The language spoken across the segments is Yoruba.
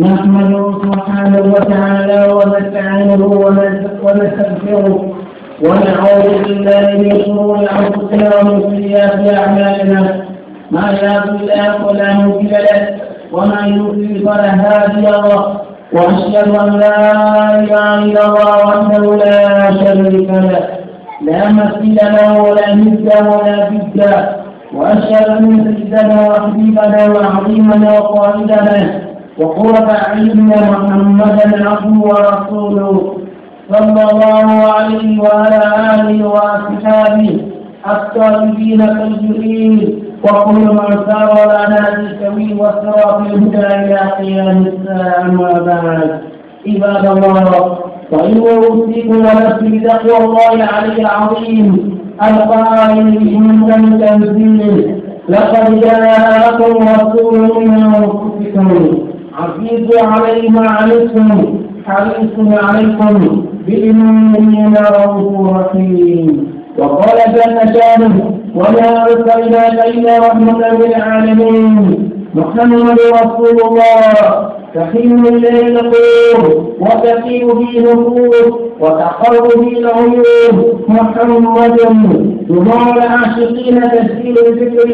نحمده سبحانه وتعالى ونستعينه ونستغفره ونعوذ بالله من شرور انفسنا ومن سيئات اعمالنا ما يهد الله فلا مضل له وما يضلل فلا هادي له واشهد ان لا اله الا الله وحده لا شريك له لا مثيل له ولا مثل ولا بد واشهد ان سيدنا وحبيبنا وعظيمنا وقائدنا وقرب أن محمدا عبده ورسوله صلى الله عليه وعلى آله وأصحابه الطيبين الطيبين وكل من سار على سوي وسار في الهدى إلى قيام الساعة أما بعد عباد الله وان أوصيكم ونفسي بتقوى الله علي العظيم القائل بحمد تنزيله لقد جاءكم رسول من أنفسكم عزيز ما عليكم حريص عليكم بإيماننا رؤوف رحيم وقال جل شانه وما أرسلنا إلينا رحمة للعالمين محمد رسول الله تحين إليه القلوب وتسير به نفوس وتقر به العيون محمد جمال العاشقين تسجيل الفكر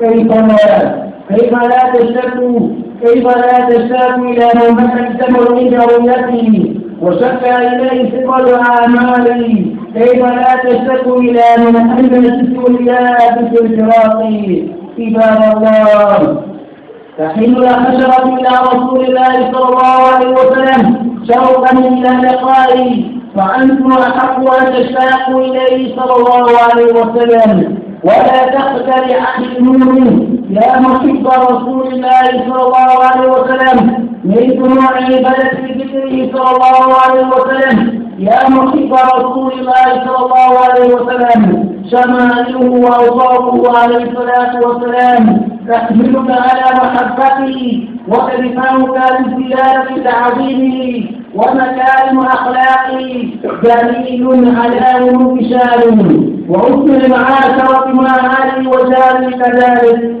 كيف لا كيف لا تشتكوا كيف لا تشتاق إلى من بدا الدم عند رؤيته وشكى إليه ثقل اعمالي كيف لا تشتاق إلى من أهل إلى في الفراق عباد الله تحل الحشرة إلى رسول الله صلى الله عليه وسلم شوقا إلى لقائي فأنتم أحق أن تشتاقوا إليه صلى الله عليه وسلم ولا تقتل عن النور يا محب رسول الله صلى الله عليه وسلم من دموع بدت في ذكره صلى الله عليه وسلم يا محب رسول الله صلى الله عليه وسلم شمائله واوصافه عليه الصلاه والسلام تحملك على محبته وتلفنك بزيادة تعظيمه ومكارم اخلاقه دليل على انه وأسر معاك رقم هذه وجاري كذلك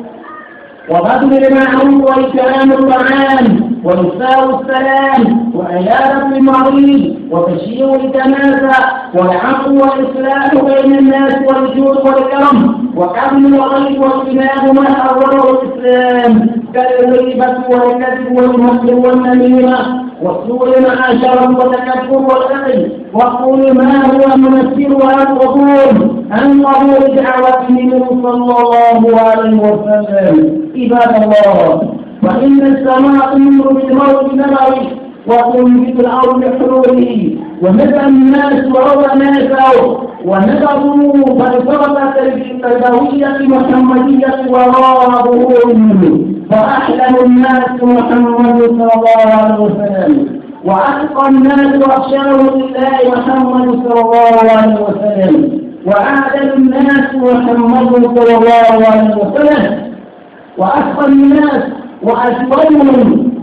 وبذل المعروف وإكرام الطعام وإفاء السلام وعيادة المريض وتشييع الجنازة والعفو والإصلاح بين الناس والجود والكرم وحمل الغيب واجتناب ما حرمه الإسلام كالغيبة والكذب والمكر والنميمة وسوء معاشرة وتكبر والقتل وقول ما هو ممثل القبول أن قبول دعوة صلى الله عليه وسلم عباد الله وإن السماء تمر بالموت وقل في الأرض حلوله ونزع الناس وروى الناس ونذروا فانفرد البدوية محمدية وراء ظهورهم فأحلم الناس محمد صلى الله عليه وسلم وأتقى الناس أخشاه لله محمد صلى الله عليه وسلم وأعدل الناس محمد صلى الله عليه وسلم وأتقى الناس وأسود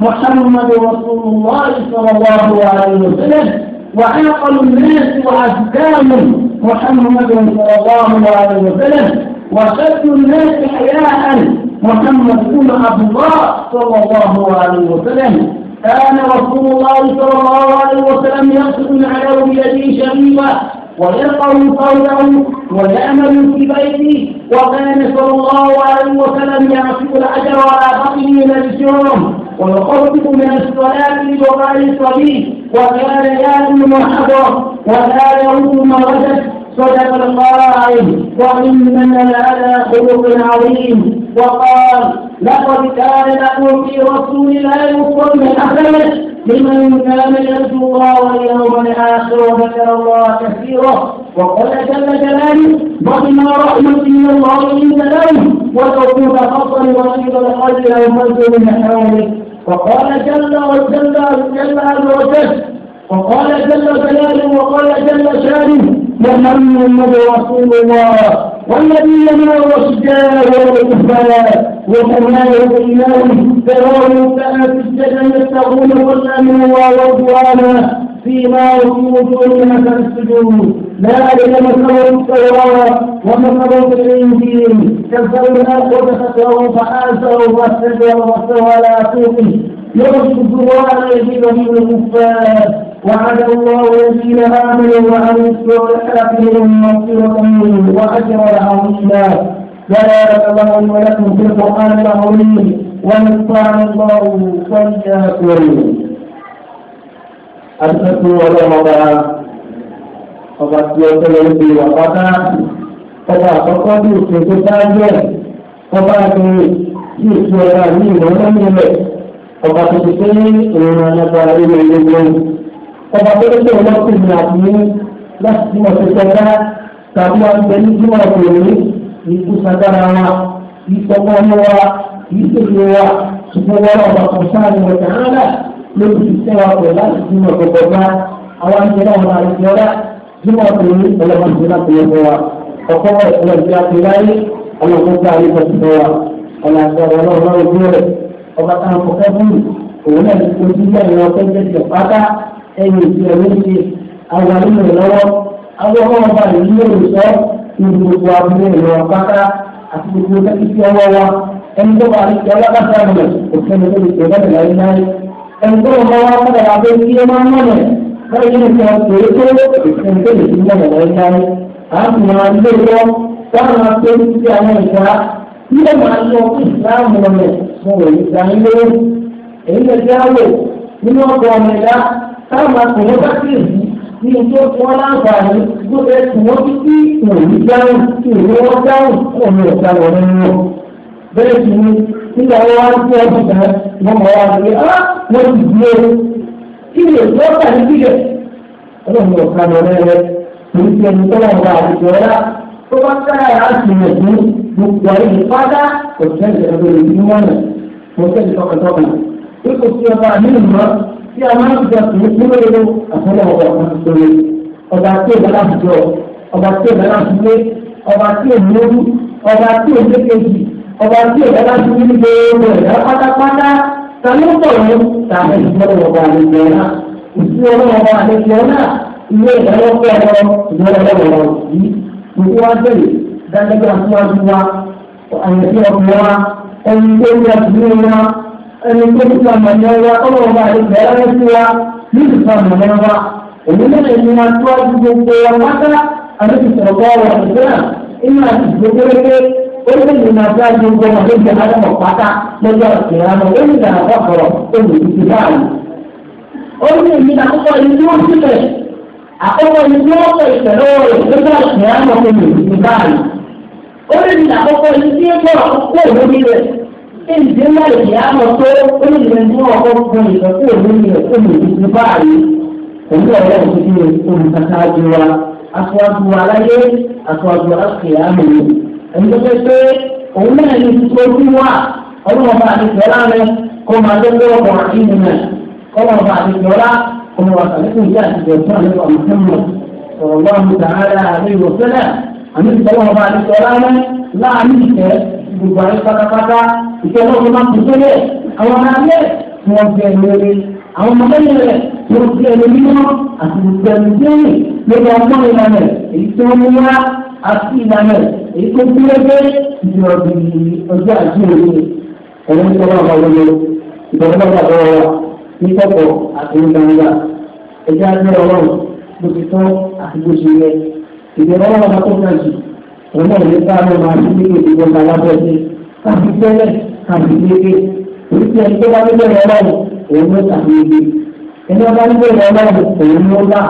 محمد رسول الله صلى الله عليه وسلم وعاقل الناس وأزكاهم محمد صلى الله عليه وسلم وشد الناس حياء محمد بن عبد الله صلى الله عليه وسلم كان رسول الله صلى الله عليه وسلم يقصد على يديه شريفه ويرقوا صوته ويأمل في بيته وكان صلى الله عليه وسلم يعصب الأجر على بطنه من الجرم ويخفف من الصلاة لدعاء الصبي وكان يأكل ما حضر ولا يرد ما وجد صدق القائل وإننا لعلى خلق عظيم وقال لقد كان لكم في رسول الله أسوة حسنة لمن كان يرجو الله واليوم الآخر وذكر الله كثيرا وقال جل جلاله وبما رحمة من الله لنت لهم وتوفيق فضل فظا غليظ القلب لانفضوا من حوله وقال جل وجل جل عز وجل وقال جل جلاله وقال جل شانه محمد رسول الله والذين من الرشداء والكفار وكمال الإيمان تراه كان في السجن يستغون كل من الله ورضوانا فيما في وجوههم مثل السجود ذلك مثل التوراة ومثل الإنجيل كذبوا الحق وتفتروا فآسروا واستكبروا واستوى على سوقه يرشد الله يزيد من الكفار وعد الله الذين آمنوا وعملوا الصالحات منهم مغفرة وأجرا عظيما بارك الله ولكم في القرآن العظيم ونفعنا الله وإياكم أشهد أن لا ọba tí ó tẹ́lẹ̀ ń bi ọba náà ọba àkọ́kọ́ bí òkè tó dájú ẹ̀ ọba àgbèrè bí òkè ọba ní ìrọ̀lẹ́ nílẹ̀ ọba tó ti pé ìrìnàjò àgbà ilé ilé gbẹ̀rù ọba tó lóṣù ọlọ́sìn ní àbúrú láti tí wọ́n ti sọ́dá tàbí wọn bẹ ní tí wọ́n kò ní ikú sagbára wa ìsọ̀kọ́ ọmọ wa ìsèlú wa ṣùgbọ́n wọn ọba kò sáàni wọn tààlà lórí ìṣẹ́ wa pẹ̀lú láti tí wọ́n kọ̀kọ̀ bá àwọn ìṣẹ̀lẹ̀ wọn àti ìṣẹ̀lá tí wọ́n kò ní ọlọ́mọ ìṣẹ̀lá kò yẹ fún wa ọkọ̀ ọ̀ṣẹ̀lẹ̀ ìṣẹ̀lá ti láyé ọlọ́mọ ìṣẹ̀lá yẹ fún wa ọ̀làṣẹ̀ ọ̀lọ́mọ ìṣẹ̀lá ọba táwọn kọ̀kẹ́ fún òun náà ti kó ẹ̀yìn ìṣẹ̀ méjì àwọn nínú ìlọ́wọ́ àwọn ọmọ ọba yìí lè sọ ìlú gbogbo abúlé ìlọ pátá àti gbogbo tẹ́kítí ọwọ́ wa ẹni tó bá àríkẹ́ alákàtà rẹ̀ òfin ní lórí ìṣẹ̀ bẹ́ẹ̀ láyé láyé ẹni tó bá wá padà wá pé kí ẹ máa ń mọ̀nà báyìí ní ìṣẹ̀ òkèèrè tó ìṣẹ̀ tó lè fi mọ̀nà láyé láyé àti máa ń lé lọ dáhùn táwọn akùnrin bá sì rí ní ìjọ tí wọ́n láǹfààní ló fẹ́ tí wọ́n ti kí òní dáhùn kí òní wọ́n dáhùn kí òní ọ̀gá wọn nínú wọn. bẹ́ẹ̀ sì ni nígbà wọn wá sí ọdún kan wọn mọ̀ wá pé á ah, wọ́n ti di o kí ni èso ọ̀gá ní kíkẹ́. ọlọ́run ọ̀gá wọn rẹ̀ kò ní ẹni tó wọn bá àti ìjọba tó bá sáyà á rẹ̀ fún gbogbo ayé pátá òṣèlú ẹ̀rọ ìlú mọ́nà òṣèlú tọkàntọkàn tí a máa ń jọ kì í kúrò nínú àfọlọ́wọ́ ọ̀kan sórí ọba tí èèyàn láti jọ ọba tí èèyàn láti lé ọba tí èèyàn lórí ọba tí èèyàn kejì ọba tí èèyàn láti lé gbogbo ẹ̀dá pátápátá ta ló sọ̀rọ̀ tàbí ìfọwọ́ ọba àlejò náà ìfú ọlọ́wọ́ àlejò náà ilé ìdálọ́pọ̀ ọ̀rọ̀ ìdálọ́pọ̀ yìí ẹni tó ti fa mọ̀nyẹ́ wa ọlọ́wọ́ bá ti bẹ̀rẹ̀ rẹ̀ sí wa ní ti fa mọ̀nyẹ́ wa òun náà ẹni máa tó àti gbogbo wa pátá àti ti sọ̀rọ̀ bá wa ìgbéra inú àti gbogbo rẹ̀ ó lè ní máa tó àti gbogbo wa tó jẹ́ àdàmọ̀ pátá lọ́jọ́ ìrànà ó ní ìdàrà kọ̀ọ̀rọ̀ ó lè ti báyìí. ó ní èmi náà kọ́kọ́ ni tí sílẹ̀ àkọ́kọ́ ni tí wọ́n kọ ìṣẹ̀lẹ̀ rẹ̀ lọ́jọ́ ìrànà ó lè ó ní èmi náà kọ́kọ́ ni tí wọ́n ìdí ńlá ìdí àmọ́ tó olùdíje ní ọkọ̀ fún ìtọ́ tí òun ní òun ní ti báyìí òun ọ̀rẹ́ òṣèlú olùkàtàjù wa aṣọ́jú aláyé aṣọ́jú aṣèyàmù ẹni tó fẹ́ pé òun náà ní tó bí wà ọlọ́run bá ti fẹ́ láàrin kó máa tó lé ọkọ̀ ìlú náà kó máa bá ti fẹ́ lá kó máa sàlékún ìyá àti ìjọba nípa mùsùlùmí sọ̀rọ̀ lọ́run tààrà àríwọ̀ sẹ́lẹ̀ àmì ìtọ́wọ́n bá ti fẹ́ láàrin láàrin ìfẹ́ gbogbo àyè pátápátá ìfẹ́ náà ló máa ń tẹ̀sẹ̀ rẹ̀ àwọn ará rẹ̀ tí wọ́n fi ẹ̀rọ rẹ̀ àwọn ọmọ lẹ́yìn rẹ̀ tí wọ́n fi ẹ̀rọ mímọ́ àti gbogbo ẹ̀rọ sẹ́yìn lórí ọgbọ́n ìlànà èyí tí wọ́n mú wá àti ìlànà èyí tó kúrẹ́ pé ìjọba ọjọ́ àti òru ẹ̀rọ ń sọ́wọ́ àwọn olóyè ìbọ̀wọ́ bàbá wa ní kọ̀kọ̀ àti gbangba ẹ̀jẹ̀ àti ọlọ́run gbogbo tán àti gbogbo yẹ ìbẹ̀rẹ̀ ọlọ́run òun náà lè sáré máa fi ní ìdìbò alábọ́sí káfí tẹ́lẹ̀ káfí gbégbé èyí tí ẹni tó bá nílé ọlọ́run òun ló tàbí gbé ẹni ọba nílé ọlọ́run òun ló wà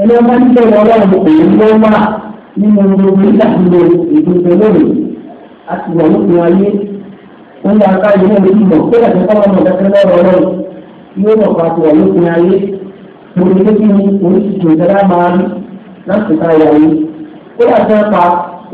ẹni ọba nílé ọlọ́run òun ló wà nínú gbogbo ìdàgbò ìdúgbò lónìí àti wọ̀ lókun ayé ó ní aká ìlú òun ti mọ̀ pé àti kọ́ ọmọ ọ̀dọ́kẹ́ lọ́rọ̀ ọlọ́run yóò mọ̀ pa àti wọ̀ lókun ayé mo ní kékeré oríṣiríṣi ìdára máa ń láti ká ìyàwó ó yà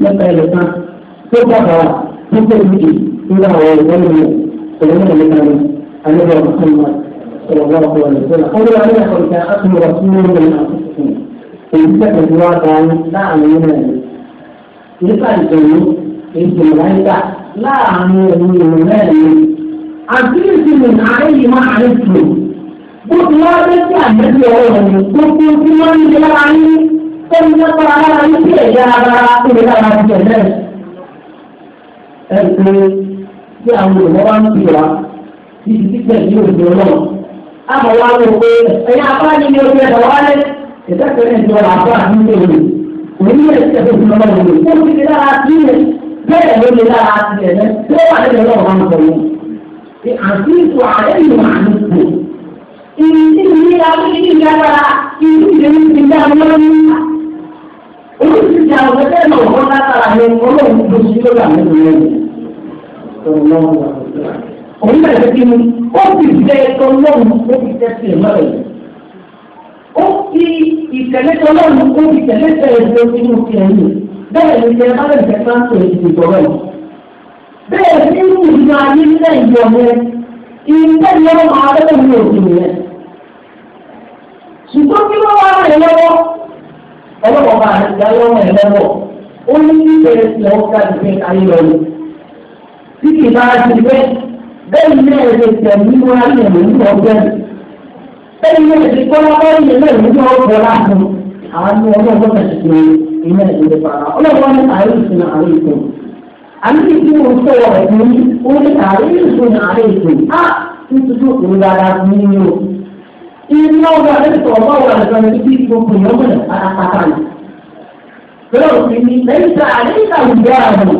nípa ẹlẹ́kan tó dábàá tó tẹ̀lé nínú àwọn ẹ̀kọ́ mi pẹ̀lú ẹ̀lẹ́kan mi alẹ́bàá mùsùlùmá sọ̀rọ̀ bá ọkọ̀ rẹ̀ sọ̀rọ̀. ó ní wà ní ẹ̀kọ́ ìta àtúnwò sínú ẹ̀rọ àkókò èyí tẹ̀lé wá dáhùn láàrin nínú ẹ̀rọ. nípa ìtẹ̀lé èyí láyíká láàrin ẹ̀rọ ìrìn mẹ́rin àti ìsinmi àárín máa ń tù bó ti wá dé sí àgbẹ̀bí ọ̀rọ̀ ọ̀rọ̀ tó kún sí wọ́n ń tó ń yẹ kọ́ ara ní sí ẹ̀yà ara tó lè dára ti ẹ̀ náà. ẹ pé bí àwọn olùkọ́ wa ń pè wá bí ti títẹ̀ ní òjò náà a mọ̀ wá ló pé ẹ̀yà apá ni mi ò fi ẹ̀dọ̀ wálé ìtẹ́sẹ̀ ní ìjọba àpá àti ní òjò òní yẹn ti tẹ̀sẹ̀ fún ọmọ òjò ó ti fi dára sí ẹ̀ bẹ́ẹ̀ ló lè dára ti ẹ̀ náà tó wà nílẹ̀ náà wà ń sọ yẹn. àti ìtò àlẹ́ ìlú àdúgbò ìrìn tí oríṣiríṣi òun náà ṣe kí ni ó ti jẹ ọlọ́run ó ti tẹ́sí ẹ̀ mọ́rẹ̀ yìí. ó fi ìtẹ̀lẹ́ ọlọ́run ó fi tẹ̀lé tẹ̀lé tí ó ti ẹ̀yìn. bẹ́ẹ̀ ni ṣe bá lè jẹ́ sáńtò ìdìbò ìgbọ̀rọ̀ yìí. bẹ́ẹ̀ ni ó ń gbà ní ilé ìjọ rẹ̀ ilé ni wọ́n máa rẹ́ ṣùgbọ́n kí wọ́n wá rẹ̀ lọ́wọ́ ọlọ́wọ́ bá àdìgbà lọ́wọ́ ẹ̀ lọ́wọ́ ó ní kíkẹ́ ẹ̀sìn ọ̀gá ìgbẹ́ ayélujára tí kì bá a ti gbẹ́ bẹ́ẹ̀ ní ẹ̀rẹ́ tẹ̀ nínú ayé ìlú ọgbẹ́ bẹ́ẹ̀ ní ẹ̀rẹ́ kọ́lá bẹ́ẹ̀ ní ẹ̀rẹ́ ìlú ọgbẹ́ láàbù àánú ọlọ́wọ́ bẹ̀rẹ̀ sí ilé ìlú para ọlọ́wọ́ ní àríṣin àríṣin àmì tí mo sọ ọ̀rẹ́ mi ó ní àríṣin àríṣin á iná ọ̀gá ẹni sọ̀rọ̀ bá wà lẹ́sọ̀ ní bí gbogbo ìyọ́mù rẹ̀ pátápátá ni. Bẹ́ẹ̀ ò sí ní lẹ́yìn tá àlééká ìgbé ààbò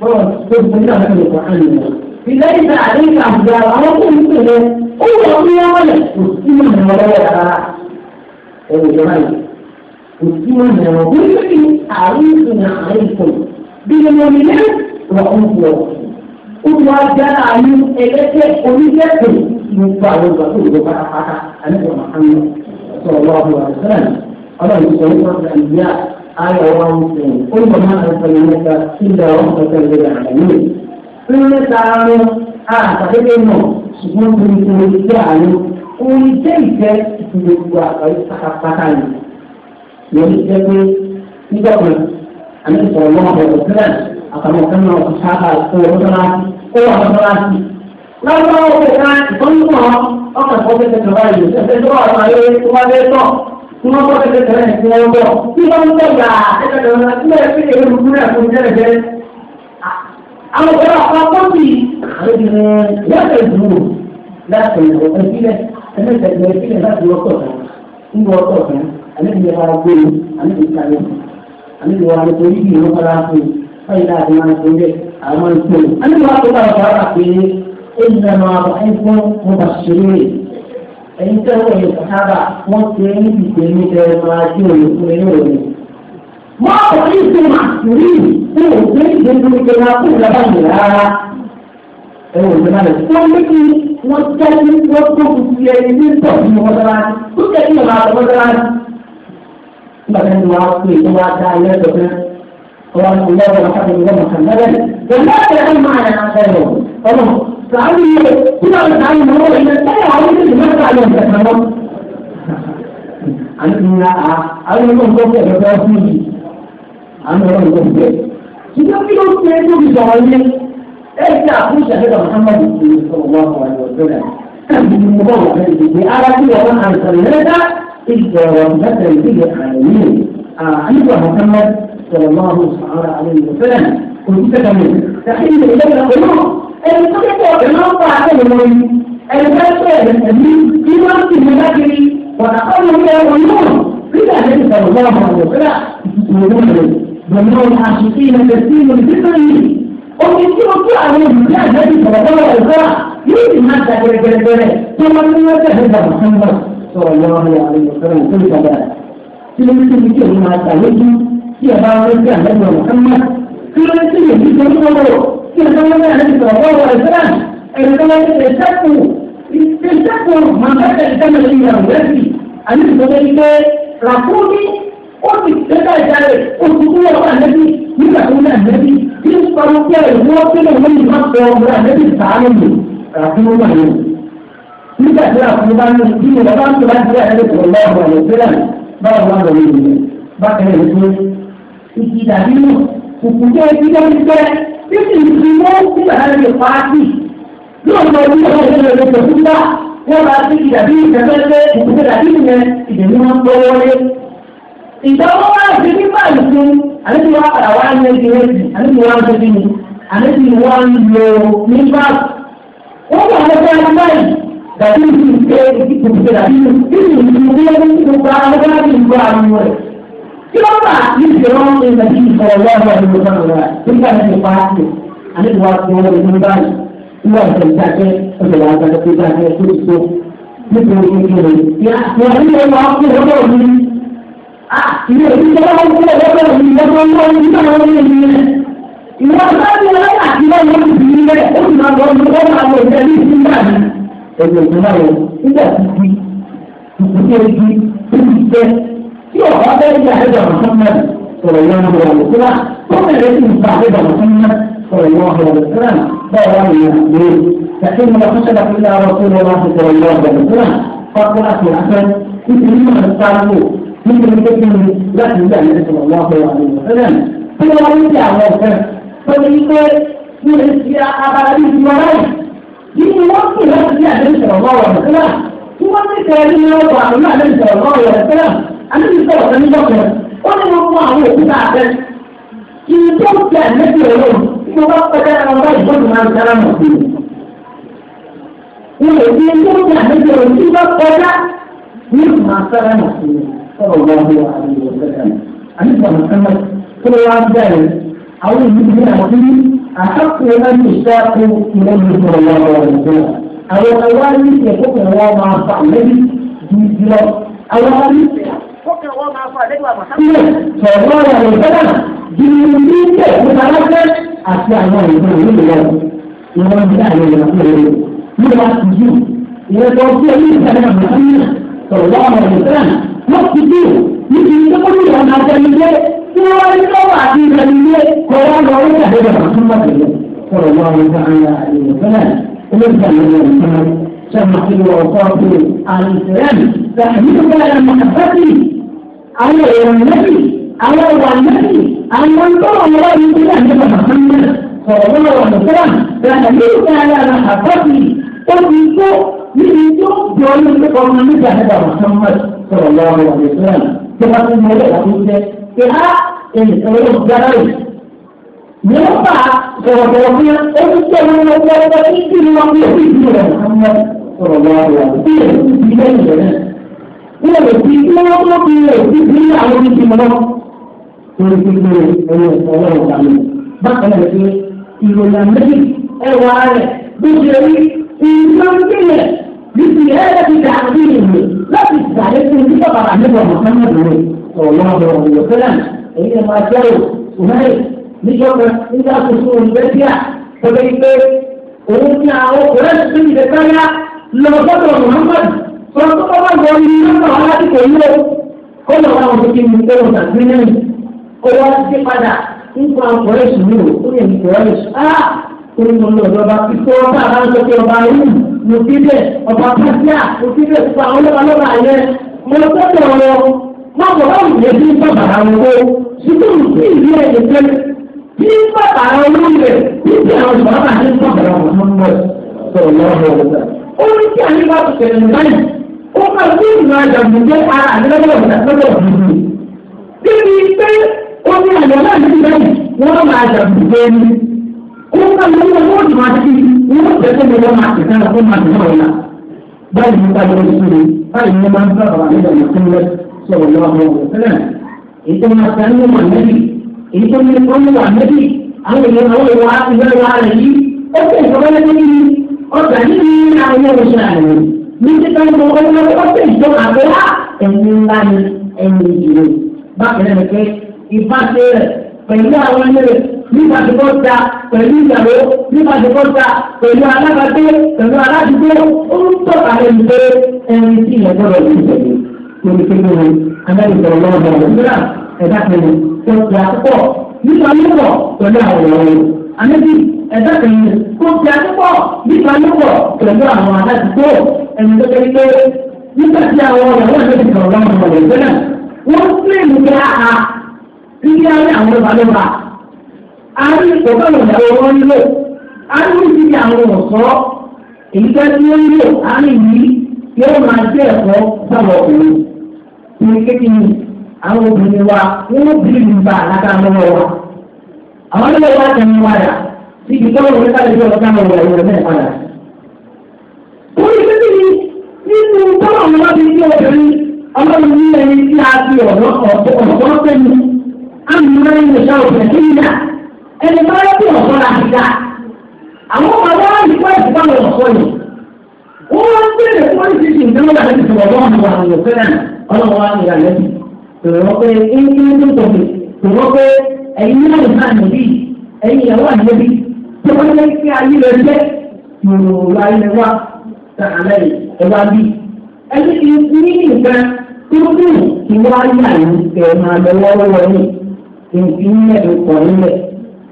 bọ́ọ̀ gbogbo ní àwọn ìlú kan ní wọn. Ìlẹ́yìn tá àlééká ìgbé ààbò àwọn kò ní pèlè ó wọ̀ ní ọ̀rẹ́ kò sí mọ̀ ní ọlọ́wọ́ rárá. Ẹ̀rù ìjọba yìí kò sí mọ̀ ní ọ̀rọ̀ bí ó ní àríkùn àríkùn bí mo ní lẹ́yìn Fún wa jẹ́ àárín ẹlẹ́tẹ̀ oníṣẹ́kù ní gbà wọ́n gbà tó lọ pátápátá àlejò màkàlù sọ̀rọ̀ wà wọ́n àdìsẹ́rẹ̀. Ọlọ́run sọ wípé ọ̀sẹ̀ ìyá ayọ̀ wa ń sìn. Ó ní bàbá àwọn ọ̀sẹ̀ mẹ́ta sí ilẹ̀ ọ̀hún ọ̀sẹ̀ ìlẹ̀ àlàyé. Fún mẹ́ta ló àtàkékè náà ṣùgbọ́n kò ní kò ní jẹ́ àárín. Orin jẹ́ ìfẹ́ ìfúnni gbogbo àgbáyé pátápátá ni. Yẹ́nì jẹ́ pé nígbà kan, àlejò kó wà lọ́wọ́ láti. ó fẹ́ ká ìtọ́nùmọ̀ ọkàn tó fẹ́ tẹ̀sán báyìí ẹ̀fẹ́ tó wà lọ́wọ́ ayé tó wá lé tọ̀ tí wọ́n tó fẹ́ tẹ̀sán ẹ̀ tí bọ̀ tí wọ́n ń tẹ̀yà ẹ̀ẹ́dẹ̀gbẹ̀rún àti mẹ́rin fi Àmì ìwà àti orí ìlú kan láti fún ìlà àti máa ń fún bẹ́ẹ̀ àwọn ìṣòro. a ní wàá tó bá ọ̀sán àgbà pé ẹ̀yìn náà máa bá ẹ̀ fún mo bá ṣeré ẹ̀yìn tẹ́ wọ́n yẹn sábà wọ́n ti ń dìde ní ẹ̀ máa jẹ́ òyìnbó ní òyìn. wọ́n kò ní ṣe máa ṣeré fún òṣèré ìdẹ́gbẹ́ ìjọba fún ìjọba yìí rárá. ẹ wò ló máa lè fún mi kí wọ́n tẹ́lẹ̀ wọ́n tó kù sí ẹni ní pọ̀ nínú mọ́sálásí tó tẹ́lẹ̀ ní ọ̀la mọ́sálásí. nígbà tí wọ́n á pè é wọ́n á dá ilé ẹ̀dọ̀ náà. وأن الله وحده ومحمدا ولا تعلم معنا غيره خلاص تعلم كل تعلم هو إن الآية عليك ما تعلم تفهمه أن أنا من قصة بتوفي أنا من قصة كده في ناس كانوا بيسألوني إيش أقول شهادة محمد صلى الله عليه وسلم بالمبارك الذي أرى فيه وأنا عن سنة إذ ومثل به عالمين أنا محمد صلى الله تعالى عليه وسلم كنت تكمل تحين إليك القلوب أن تقطع القلوب على المؤمن أن تقطع الأمين في وقت المذاكر وأقل من القلوب بما النبي صلى الله عليه وسلم يقولون ضمنوا العاشقين تسليم بفكره ومن كل عليهم لا النبي صلى الله عليه وسلم يمكن حتى كده كده كده ثم من وجه محمد صلى الله عليه وسلم كل كده. في المسلمين ما تعلموا tí ẹ bá wọlé sí àlẹ́ ìwọ̀n sánmà kí ló ń tí yẹ kí tóbi wọ̀ kí ẹ bá wọlé àlẹ́ ìwọ̀n wọ̀ ẹ̀sán ẹ̀sán ẹ̀sẹ̀kù ẹ̀sẹ̀kù màmẹ́tẹ̀ ìdáná ti yà wẹ́ sí àmì ìgbọ́dọ̀ yìí ràkúnmí ó ti tẹ́tà ìjà rẹ̀ ó ti kú wà lẹ́bí nígbà tó ní àlẹ́bí kí ó sọ wípé ẹ̀rọ tó lè wọ́n ìmọ̀ pọ̀ ọ̀gbọ̀n àlẹ́bí sàánù lò ràkúnmí wà lẹ́yìn nígbà bá ní bí mo bá ń tó bá ti rí àlẹ́bí tó lọ́wọ́ àlẹ́bí báwo bá lọ ìdí dàbí nù kùkùté dídẹ́gbẹ́ títí ìdìbò nígbà náà lè pa á sí yóò lọ sí ọ̀rọ̀ ìlú rẹ̀ tó fún wa wọ́n bá sí ìdàbí ìdẹ́gbẹ́ kùkùté dàbí nù yẹn ìdèmí wọn gbọ́ wọlé. ìjọba wa ṣe nígbà ìsìn àlejò wa padà wá ní ẹgbẹ́ rẹ̀ àlejò wa ń tó bí mi àlejò wa ń lo nígbà. wọ́n bá wọn fẹ́ ẹgbẹ́ yìí dàbí ìdìbò kùkùté dàbí nù kí ló bá níbi wọn ń lè fi ìfọ̀ lọ́wọ́ ìlú kan rẹ̀ nígbà tí wọ́n á ti àlejò wa fún ọmọ ìlú báyìí nígbà tí wọ́n dákẹ́ ọ̀dọ̀ wa gbàgbé pé dákẹ́ tó ti tó nítorí kékeré ìyá ìlú ẹ̀ wá fún ọjọ́ mi ilé ìlú tó wá fún ọjọ́ mi lọ́jọ́ ńlọ nígbà wọn ní ìlú rẹ̀ ìwọ sábẹ́ wọn àti wọn wọn ti bí rẹ̀ ó sì máa lọ sí wọn máa lọ sí ẹni sí náà ẹ̀rọ ìgbìmọ̀ rẹ̀ nígbà tí ti ti ti ti ti ti tí bá bẹ́ẹ̀ ní àdébà mọ̀sánmẹ́ sọ̀rọ̀ yẹn ló wọ̀ lọ́sọ́lá tó bẹ̀rẹ̀ sí nípa àdébà mọ̀sánmẹ́ sọ̀rọ̀ yẹn wọ̀ lọ́sọ́lá báwo wà nìyẹn lé lẹ́yìn mọ̀ lọ́sọ́lá fún ilé àwọn tó lọ́ wá sí sọ̀rọ̀ yẹn wọ̀ lọ́sọ́lá fọ́tún láti àfẹ́ nítorí mọ̀ ní sáàlù nítorí kékeré láti ilé àyẹ̀sẹ̀ sọ̀rọ̀ wọ́n fẹ́ àbíbi sọ̀rọ̀ kan nígbà kan ó ní wọn fún àwọn òkúta abẹ́ ìlú tó ń tẹ ẹ̀mẹ́tì ọ̀rọ̀ tí mo bá pẹ́ẹ́ ẹran bá ìgbọ́dù máa ń dára mọ̀ sí i mo lè fi tó ń tẹ ẹ̀mẹ́tì ọ̀rọ̀ tí mo bá pẹ́ẹ́ ní ìmọ̀ sára mọ̀ sí i sọ̀rọ̀ wọn bí wọn àbí wọn pẹ́ẹ́ àbí sọ̀rọ̀ kan náà tó lè wá bẹ̀rẹ̀ àwọn ìlú bí wọn àti àkàkù ẹni ìṣàkó ìlẹ́yìn sọ̀rọ̀ wọn lọ́wọ́ àwọn ọ̀wá ní ìṣẹ̀kọ́ kókè wọn máa fọ àdéhùn àmọ́. sọ̀rọ̀ ọ̀rọ̀ ìfẹ́lá di ní ìtẹ̀kùn aláṣẹ àti àwọn ìgbà ìlú lọ ni wọ́n ń dá àwọn ìlú àkúrẹ́ rẹ̀ ní wàá ti jù ìyẹn tó fi ẹni ìtẹ̀lẹ́ àmọ́ sọ̀rọ̀ ọ̀rọ̀ ìfẹ́lá wọ́n ti jù níbi ìtẹ́kùn ìwọ̀n àtẹnudẹ́ tí wọ́n ń lọ́wọ́ àti ìtẹ̀lẹ́ kọ̀ọ̀rọ̀ lọ́wọ́ ìtẹ̀lẹ́ sọ̀rọ̀ ọ̀rọ̀ ìfẹ́lá sọ̀rọ̀ ọ̀rọ̀ àwọn èrò nẹ́bì àwọn ìwà nẹ́bì àwọn tọ́lọ̀ ńlá yìí ti rẹ̀ nípa bàbá náà sọ̀rọ̀ lọ́wọ́ nàìjíríà lànà bí ó dára ara àkọ́sí ó ti tó níbi tó di ọyún tó kọ́ ọmọ nígbà nígbà wàhán mọ́ sọ̀rọ̀ lọ́wọ́ nàìjíríà tó bá tó mọ́ ẹ̀rọ tó jẹ́ pé á ẹnìkan ló ń gbára rẹ̀. Nyɛ fa sɔrɔsɔrɔ fi tɛ wọn lọ wọlé ní ti wọn fi fi ju rẹ̀ ní ẹ̀rọ tí wọ́n mọ́ bí rẹ̀ sí bí àwọn oníṣẹ́ mọ́ lórí gbígbé ẹ̀rọ ọ̀rọ̀ ìdàlú bákan náà ṣe ìròyìn méjì ẹwà rẹ̀ bó ṣe rí ìgbàgbéyẹ̀ níbi ẹ̀rọ ti dà sí ìlú láti sàlẹ̀ sí ibi tó bàbá nígbà mọ̀ká náà lórí ọ̀rọ̀ ọ̀rọ̀ ọ̀rọ̀ fẹ́lá èyí ẹ̀ máa jẹ́ òmùmẹ́rẹ̀ níjọba nígbà tuntun olùgbẹ́síà tọ́gbẹ́ pé òun ní àwọn òkúrẹ́sì sọ̀rọ̀ tó bá yọ ní nígbà wọn láti pè yíyọ kó lọ wá wọn kí ni pé wọn kà gbé náà ó wá sí padà nípa ọkùnrin ìṣòro ó yẹ nípa ọkùnrin á ó ní wọn lọ ọba ìfọ ọba àbá ń sọ pé ọba ayé mo fi bẹ ọba pàṣẹ mo fi fún àwọn ọlọ́ba lọ́ba ayẹ mo tẹ́tẹ̀ ọ̀rọ̀ máa bọ̀ báwo lè fi ó ní kí àyè bá tó tẹ̀lé báyìí ó kà sí ìlú àjọ̀dún jẹ́ ara àdúgbò ìdàgbàsókè òdìdí. Bíbi pé ó ní àyọ̀lá ìlú lẹ́yìn wọ́n máa àjọ̀dún jẹ́ ní. Ó kà sí ìlú àwọn òdìmọ̀ àti ìwọ́n jẹ́ pé wọ́n máa tẹ̀sán àti máa tẹ̀sán ọ̀la. Báyìí ní ká lọ́wọ́ sí i, báyìí ní máa ń bá àwọn àlejò àmọ́tẹ́lẹ̀ sọ̀rọ̀ lọ́wọ́ àwọn òṣèlè. Èyí tó máa ọ̀gá ní àwọn ọ̀ṣẹ́ àlẹ́ níbi tó ń bọ ọmọ ọmọ ọmọ tó ìjọ àgbẹ̀lá ẹ̀mí ńlá ni ẹ̀mí ìdìbò bákan náà pé ìbáṣe rẹ̀ pẹ̀lú àwọn ẹni rẹ̀ nípa tó kọ́ ta pẹ̀lú ìyàwó nípa tó kọ́ ta pẹ̀lú alábàgbé pẹ̀lú aládùúgbò ó ń tọ́ àwọn ẹni pé ẹni tí ìyẹn gbọ́dọ̀ lè tẹ̀lé lórí kékeré wọn amẹ́ríkà ọlọ́ọ̀dọ̀ ọ̀dọ́dúnrà ẹ̀dá kẹrin tó ti àkókò nípa yíyọ̀ pẹ̀lú àwọn ọ̀rọ̀ ẹ̀dá kìíní kó ti àdúgbò nípa nípò pẹ̀lú àwọn adájúgbò ẹni tó kẹ́ pé nígbà tí àwọn ìyàwó ẹ̀dá ti sọ̀rọ̀ lọ́wọ́ ọ̀rọ̀ ìgbẹ́ náà wọ́n sì ń gbé àhà ilé ayé àwọn ìbálòpà àrí ìkọ̀kọ̀lù ìyàwó wọn nílò àrí ìdíje àwọn ọ̀ṣọ́ èyí tẹ́ tí wọ́n nílò àrí ìlú yóò máa jẹ́ ẹ̀kọ́ sábà ọ̀hún ní kékeré àwọn obìnrin wa wọ́n bí ìlú bá níbi tó lóun ká lè fi ọ̀sán àwọn ọ̀rọ̀ ìrọ̀lẹ́ padà. Wọ́n yí pépé ni nínú tọ́lọ̀ ni wọ́n ti ní obìnrin ọlọ́run ní ẹni tí a fi ọ̀rọ̀ ọ̀pọ̀ pẹ̀lú àmì máa ń òfin sí ìyá ẹni máa ń fi ọ̀pọ̀ la ti dá. Àwọn ọmọ wa ń kọ́ ẹ̀sìn báwọn ọ̀pọ̀ yìí. Wọ́n wá ń bèrè fún oríṣiríṣi ìdánwò láti fi sọ̀rọ̀ bọ́ àwọn àwọn náà ọlọ́run wa ń yà lẹ́bi. Tòrọ pé ẹni tí wọ́n yẹ kí ayé rẹ̀ jẹ́ yòòrò ayé wa sàlẹ̀ ẹ̀wá bí. ẹni tí ní nǹkan tó dùn kí wọ́n á yà ní ẹ̀ máa lọ lọ́wọ́ ní nǹkan ilẹ̀ ìkọ̀ ilẹ̀.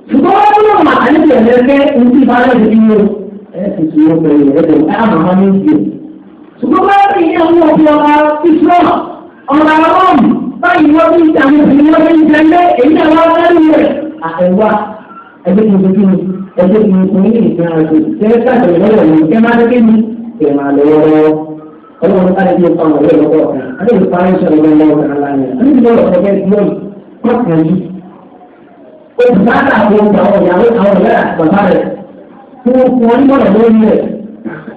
ṣùgbọ́n wọ́n ní ọ̀nà àlejò ẹ̀rẹ́fẹ́ nǹkan ìbálẹ̀ ìdíyẹ ẹ̀ sì ti yọ pẹ̀lú ẹ̀rẹ́dẹ̀ ẹ̀ àmàmá ní ìdí. ṣùgbọ́n wọ́n ní ìyàwó ọ̀bí ọ̀rọ̀ ìṣúná ọ̀rọ̀ ọ̀rọ̀ báyìí wọ́n ní ìtàn ìbí wọ́n ní ìtàn ẹjọ́ ti fún yín ìgbà àjò ṣe é ṣàtẹ̀lẹ́ lọ́wọ́ yìí kẹ́ máa dé ní kẹ́ máa lọ́wọ́ ọlọ́run ká lè fi ọkọ àwọn ọ̀rẹ́ lọ́wọ́ kan á lè fi parí sọ̀rọ̀ lọ́wọ́ lọ́wọ́ kan láàyè á lè fi lọ́wọ́ ọ̀kẹ́ lọ́wọ́ kọ́kàn yìí. olùbáàdà àwọn àwọn ìyàwó àwọn ọ̀rẹ́ àti bàbá rẹ̀ kí wọ́n fún wọn nígbọ̀dọ̀ lórí rẹ̀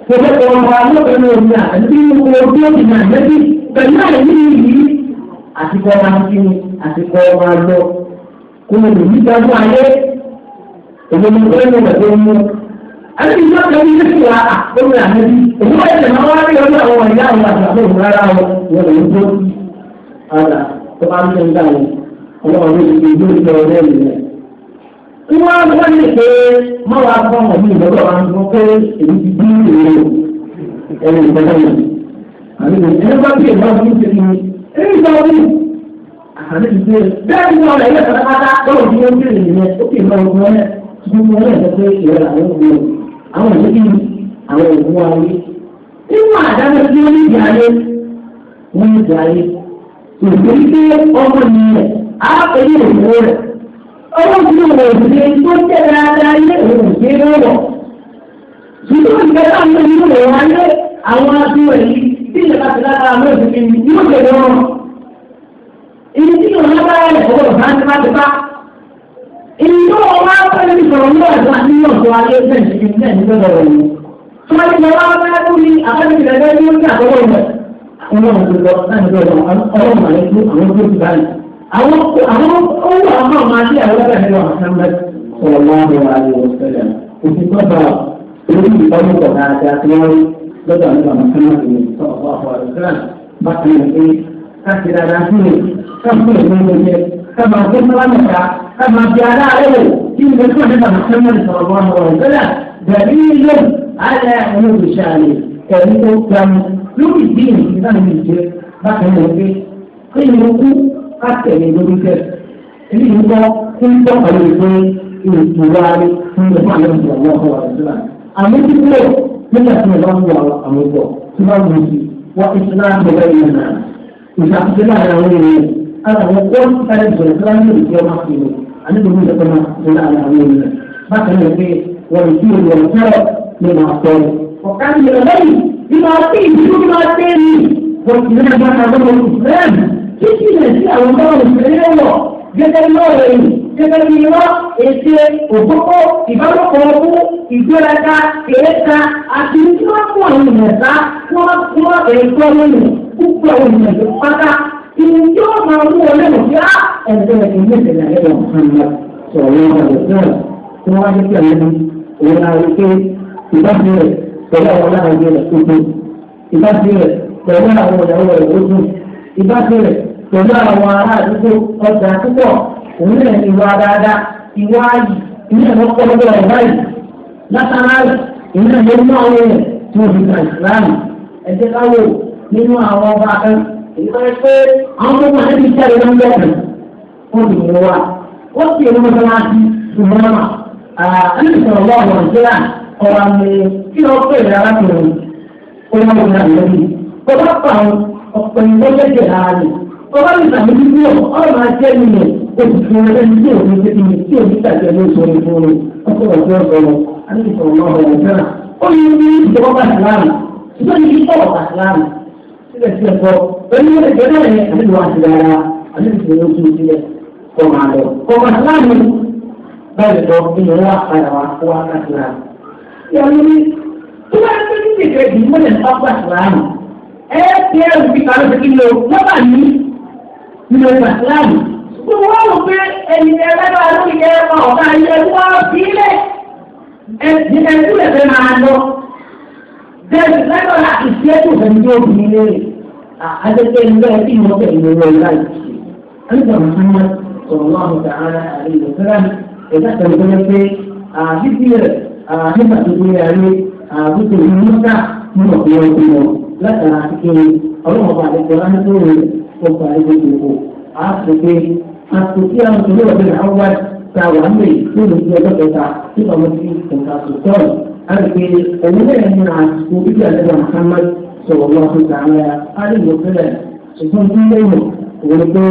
kò fẹ́ kọ́ ọmọ alóbìnrin omi àti nínú ojú òbí náà lẹ́bí pẹ̀lú àyè ní ìlú àtikọ́ máa ń fi àtikọ́ máa lọ kó o lè ní èmi ni pé mo bẹ̀rẹ̀ mú. àti ìjọ kan ní ìlú wa àkókò àhẹ́bí èmi wọ́n ẹ̀jẹ̀ máa wá rí ọdún àwọn ìyá àwọn àgbàdo rárá o wọ́n lè tó ara tó bá ń tẹ̀ ń dáhùn ọlọ́run ní ìlú ìjọ ọ̀rẹ́ mi rẹ̀. Ìwọ́n á wọ́n lè pé máa wá fọ́ ọmọ mi lọ́dọ̀ wa sọ pé èmi ti bí ìrè ẹni ìgbẹ́lẹ́ mi. Àbí ẹni bá bí ìwọ́n fi ń ṣe mi, èmi sọ wí. Àbí ìgbẹ́ bẹ́ẹ̀ ni ọ̀rẹ́ yẹn kàtàkàtà lọ́wọ́ bí ó ń bèrè yẹn ó kì í lọ́wọ́ wọ́n mú ọlọ́ọ̀dọ́ pé ìrọ̀lẹ́ àwọn òun àwọn òbí àwọn òun wa wí. nínú àdájọ́ tí wọ́n ní ìdí ayé wọ́n ní ìdí ayé òṣèlú pé ọmọ mi rẹ̀ á pẹ̀lú òwò rẹ̀ ọmọ mi rẹ̀ òṣèlú tó tẹ̀ dáadáa ilé òun òṣèlú wọ̀. ṣùgbọ́n ìgbẹ́ táwọn ọmọ mi rẹ̀ wá lé àwọn aṣọ yìí bí ìjọba ti lágbára lóṣù kìíní yóò tẹ̀lé wọn. bá rẹ̀ inú ọwọ́ akọ́lẹ́ ní sọ̀rọ̀ ní ọ̀dọ́ àti ní ọ̀dọ́ ayé bẹ́ẹ̀ ní bẹ́ẹ̀ ní bẹ́ẹ̀ lọ́wọ́ yìí. tí wọ́n ti mọ wá bẹ́ẹ̀ tó ní akọ́lẹ́ ìrẹ́lẹ́ ní oúnjẹ àkọ́kọ́ rẹ̀. ọlọ́run tó lọ láti bẹ́ẹ̀ lọ ọlọ́run àlẹ́ fún àwọn tó ti báyìí. àwọn owó àwọn ọmọ àti àwọn ọ̀gá ìlú Muhammad sọ̀rọ̀ máa ń wà ní ọ̀sẹ̀lẹ̀ òfin tó bá orí ìbámu kama ọgbẹ́ tó wà níta kama bí ara rẹ̀ wò kí n bẹ tó ní bàbá tó mọ̀ nípa ọgbọ́n ọ̀rọ̀ ìgbẹ́lá bẹ̀rẹ̀ ilé alẹ́ ẹ̀rọ ìṣàlẹ̀ ẹ̀rí tó gbàmù lórí ìdí ìrìnkìtà ní ìjẹ bákan náà pé kí ni ó kú ká tẹ̀lé lórí tẹ̀ èyí ń bọ́ kí ń bọ́ pẹ̀lú ìpè ìtura rẹ̀ fún ìgbà tó ń bọ̀ wọ́n ọ̀rọ̀ ìgbẹ́lá àmójútó nígbà tí wọ́n bá ń wọ àmójútó tí wọ́n bá ń wọ ara àwọn wọ́n ti sáré jọ̀rọ̀ tó láyé òkè ọmọ àpèrò àníbi mi lọ́kọ́ máa tó náà àwọn ènìyàn bákan náà pé wọ́n ti fi ìwọ̀n tẹ́rọ̀ ní máa tọ́ ọ. ọ̀ká ń yẹ lẹ́yìn bí máa fi ìdúró bí máa tẹ́ ẹ̀mí wọ́n ti náà bá àwọn ọmọ ìsìlẹ́m títí ilẹ̀ sí àwọn ọmọ ìsìlẹ́m wọ̀ gẹ́gẹ́ bí wọ́n rẹ̀ gẹ́gẹ́ bí wọ́n ètè òkókó ìbálòpọ̀ ọkú ìgbéraga èéka àti tí fún àwọn ènìyàn sá wọ́n fún ẹ̀kọ́ kí ni yóò máa mú ọ lẹ́nu yá ẹgbẹ́ ilé ìṣẹ̀lẹ̀ ẹ̀rọ ọ̀hánà sọ̀rọ̀ ọ̀rọ̀ náà tí wọ́n wá ní kí ọ̀lẹ́ni òun náà rí pé ìbáṣe rẹ̀ pẹ̀lú àwọn ọ̀làwọ̀dé rẹ̀ tuntun ìbáṣe rẹ̀ pẹ̀lú àwọn ọ̀làwọ̀ rẹ̀ tuntun ìbáṣe rẹ̀ pẹ̀lú àwọn ará àdúgbò ọjà púpọ̀ òun náà ní ìwà dáadáa ìwà ayì ìní ẹ̀rọ pọ̀lọ́pọ̀ rẹ̀ báyìí látara rẹ̀ ìní ẹ̀rọ náà rẹ̀ tí wọ́n fi gbà ìsìlámù ẹ̀jẹ̀ káwọ́ nínú àwọn ọba akẹ́kọ̀ọ́ ìgbà pé àwọn tó máa ń jáde ló ń bẹ̀rẹ̀ wọ́n lè mú wa wọ́n sì ń mú wa sí ìmọ̀ràn àlùsọ̀rọ̀ wà wọ̀ síra ọ̀rọ̀ àmì kí wọ́n pè é arákùnrin ó yà wọ́n náà lórí bọ́lá pa ọ̀pọ̀ ìwọ́ jẹ́jẹ́ ara rẹ̀ bọ́lá ní sàmì bíbí ọ̀ ọ̀rọ̀ máa jẹ́ nìyẹn oṣù tí wọ́n rẹ̀ ní tí òun ti fi tí òun ti tàjẹ́ ló sọ ìfún rẹ̀ ọkọ̀ ọ̀jọ́ ọ̀rọ̀ àlùsọ̀rọ̀ wà wọ̀ síra ó yẹ kí ìjọba bàtà láàmù sílẹ̀ sílẹ̀ kọ́ pẹ̀lú ẹgbẹ́ náà yẹn àlejò àti dára àlejò tó yẹ kí n sílẹ̀ kọ́ máa lọ. kọ́mà láàmú báyìí lọ inú wa padà wá kó wá kásìlá. ìyàwó mi tó bá yẹ kí kékeré yìí mọ́lẹ̀ nípa kásìlá mi ẹ ti ẹ rò kíkà ló ti kí ló lọ́bà ní nínú kásìlá mi. ṣùgbọ́n wọ́n rò pé ẹni ẹ lẹ́gbàá lórí ẹ máa ọ̀gá bẹ́ẹ̀ni lẹ́nu láti ṣe tó fẹ́ ní obìnrin léèrè àdéhùn ẹni bẹ́ẹ̀ tí mo bẹ̀ ìwé wọlé láti ṣe. Àlùkò Mùsùlùmí sọ̀rọ̀ wà hùtà ara àrí ìlọ̀sẹ̀rà ẹ̀dá kan tó yẹ pé àbíbí rẹ̀ nígbà tó gbé ayé àbúkò ìmúta ní ọ̀gbìn ọ̀gbìn wọn látara kékeré ọlọ́wọ́ bá àdéhùn ọlá ní tóore ọkọ̀ àdéhùn gbogbo. A sọ pé àtò tí àwọn wáyé ta wà ń bẹ̀ tó lè ọjọ́ kẹta tí ọmọ ti àti ẹ̀mí náà ní àsìkò bíbí àdébà Muhammad sọ̀rọ̀ lọ́sùn tààrà àdébò sílẹ̀ ṣùgbọ́n tí ó lè wọ́n pé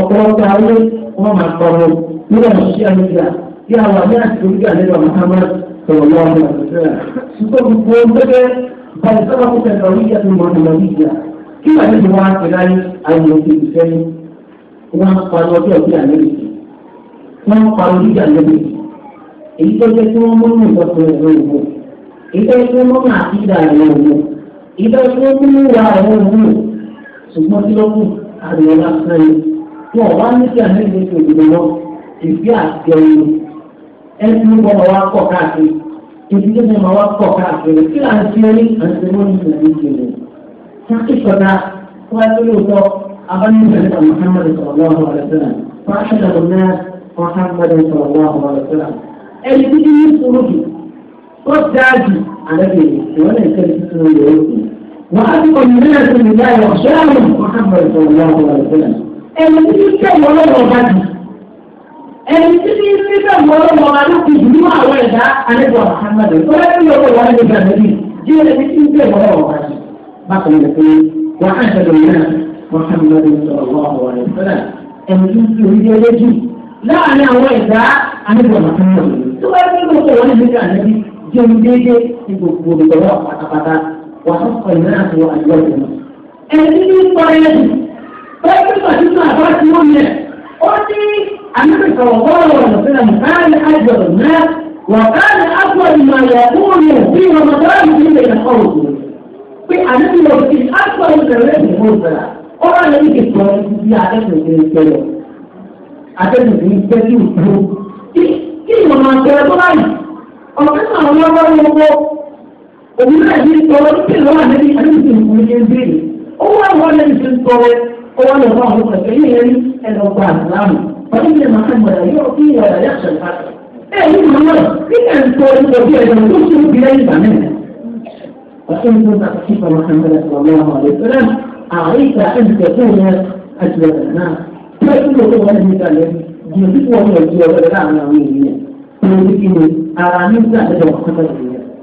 ọ̀pọ̀lọpọ̀ ayé wọ́n máa kọ́rọ̀ nígbà tí a nígbà tí a wà ní àsìkò bíbí àdébà Muhammad sọ̀rọ̀ lọ́sùn tààrà ṣùgbọ́n gbogbo gbẹ́gbẹ́ báyìí sábà kó tẹ̀sán oríyá tó mọ̀ nínú ìjà kí wàá ní wọn ti láyé ayé òkè ìfẹ́yìn wọn parí ọjọ́ ìbí àlejò èyí tó jẹ́ kí wọ́n mú ní ìtọ́sọ̀rọ̀ ìlú ìbò ìfẹ́ tó mọ́nà àtìdá àwọn òun ìfẹ́ tó mú wa àwọn òun ṣùgbọ́n tí lọ́kùn àdìyẹ lásán yìí wọn wá ní kí àná ìwé tó dìbò lọ ìfẹ́ àti ọ̀yọ́ ẹni tó gbọ́dọ̀ wá pọ̀ káàkiri ìdí tó mọ̀ wá pọ̀ káàkiri kí là ń fi orí àti wọn ní ìlú ìṣèlú sákìsọ̀dá wọ́n ti lóòótọ́ abánibẹ̀rẹ̀ Muhammad sallallahu alaihi wasallam fáṣẹ̀ dàgbọ́n náà Muhammad sallallahu alaihi wasallam ẹni tó ti ní ó dáàbì àlẹ́bí ìwọ́n lè tẹ̀lé títún lórí òkú. wọ́n á ti kọ̀yìn nílẹ̀ tó lè dá ìwọ̀n ṣé àwọn Muhammad sọ̀rọ̀ láwọn ọ̀rọ̀ ìfẹ́lẹ̀. ẹni tí ń tẹ̀ wọ́n lọ́wọ́ ọba jù ẹni tí ń tẹ̀ wọ́n lọ́wọ́ ọba láti ìlú àwọn ẹ̀dá àlẹ́bí Muhammad sọ̀rọ̀ ẹni lọ́wọ́ wọn lè gbà lórí jẹ́ ẹni tí ń tẹ̀ wọ́n lọ́wọ́ ọba jù. bá jẹun déédéé ní gbogbo ìgbọ̀wọ́ pátápátá wàá kọ́ ìlú náà tó àjọ ìlú. ẹni ní pọ́ẹ́lì pẹ́ẹ́lú pàṣípà bá ti wọ́n yẹ ó ní àmìkà ọ̀gọ́rọ̀ ọ̀nàfẹ́lẹ̀ mùkáàlì àjọ náà wàkàlì àgbọ̀ ìmọ̀lẹ̀ òun bí wọn bá ń bí ilẹ̀ ẹ̀kọ́ òkú pé àmìkà òkè àgbọ̀ ìbẹ̀rẹ̀ ìfowópamọ́ ọ̀rọ̀ yẹn ní kìkọ́ ibi àtẹ̀sẹ̀ ìgbẹ́ àtẹ̀sẹ̀ ìgbẹ́ ọ̀pẹ́ náà lọ́wọ́ lọ́wọ́ òbí náà yìí tọrọ ní kí lọ́wọ́ àdébí àdébí ìlú yẹn bẹ́ẹ̀ ó wá wọ́n lẹ́nu tó ń tọrọ ó wá lọ́wọ́ àwọn ọ̀pẹ́ yìí yẹn ẹ̀rọ gba àdáàmù pẹ̀lú ilé màá ń gbọ̀dọ̀ yóò kí ìwọ̀dà yà sọ̀ ẹ̀ ní màmá kí ẹ̀ ń tọrọ ní ọjọ́ ẹ̀rọ tó tún bí lẹ́yìn ìgbà mẹ́rin. وإن كنت أخشيك محمد صلى الله عليه وسلم أعيك أن تكون أجود الناس فإنه هو الذي قال يجيبك وهو الجواب الأعلى مني من ذكر آمن بعد وقت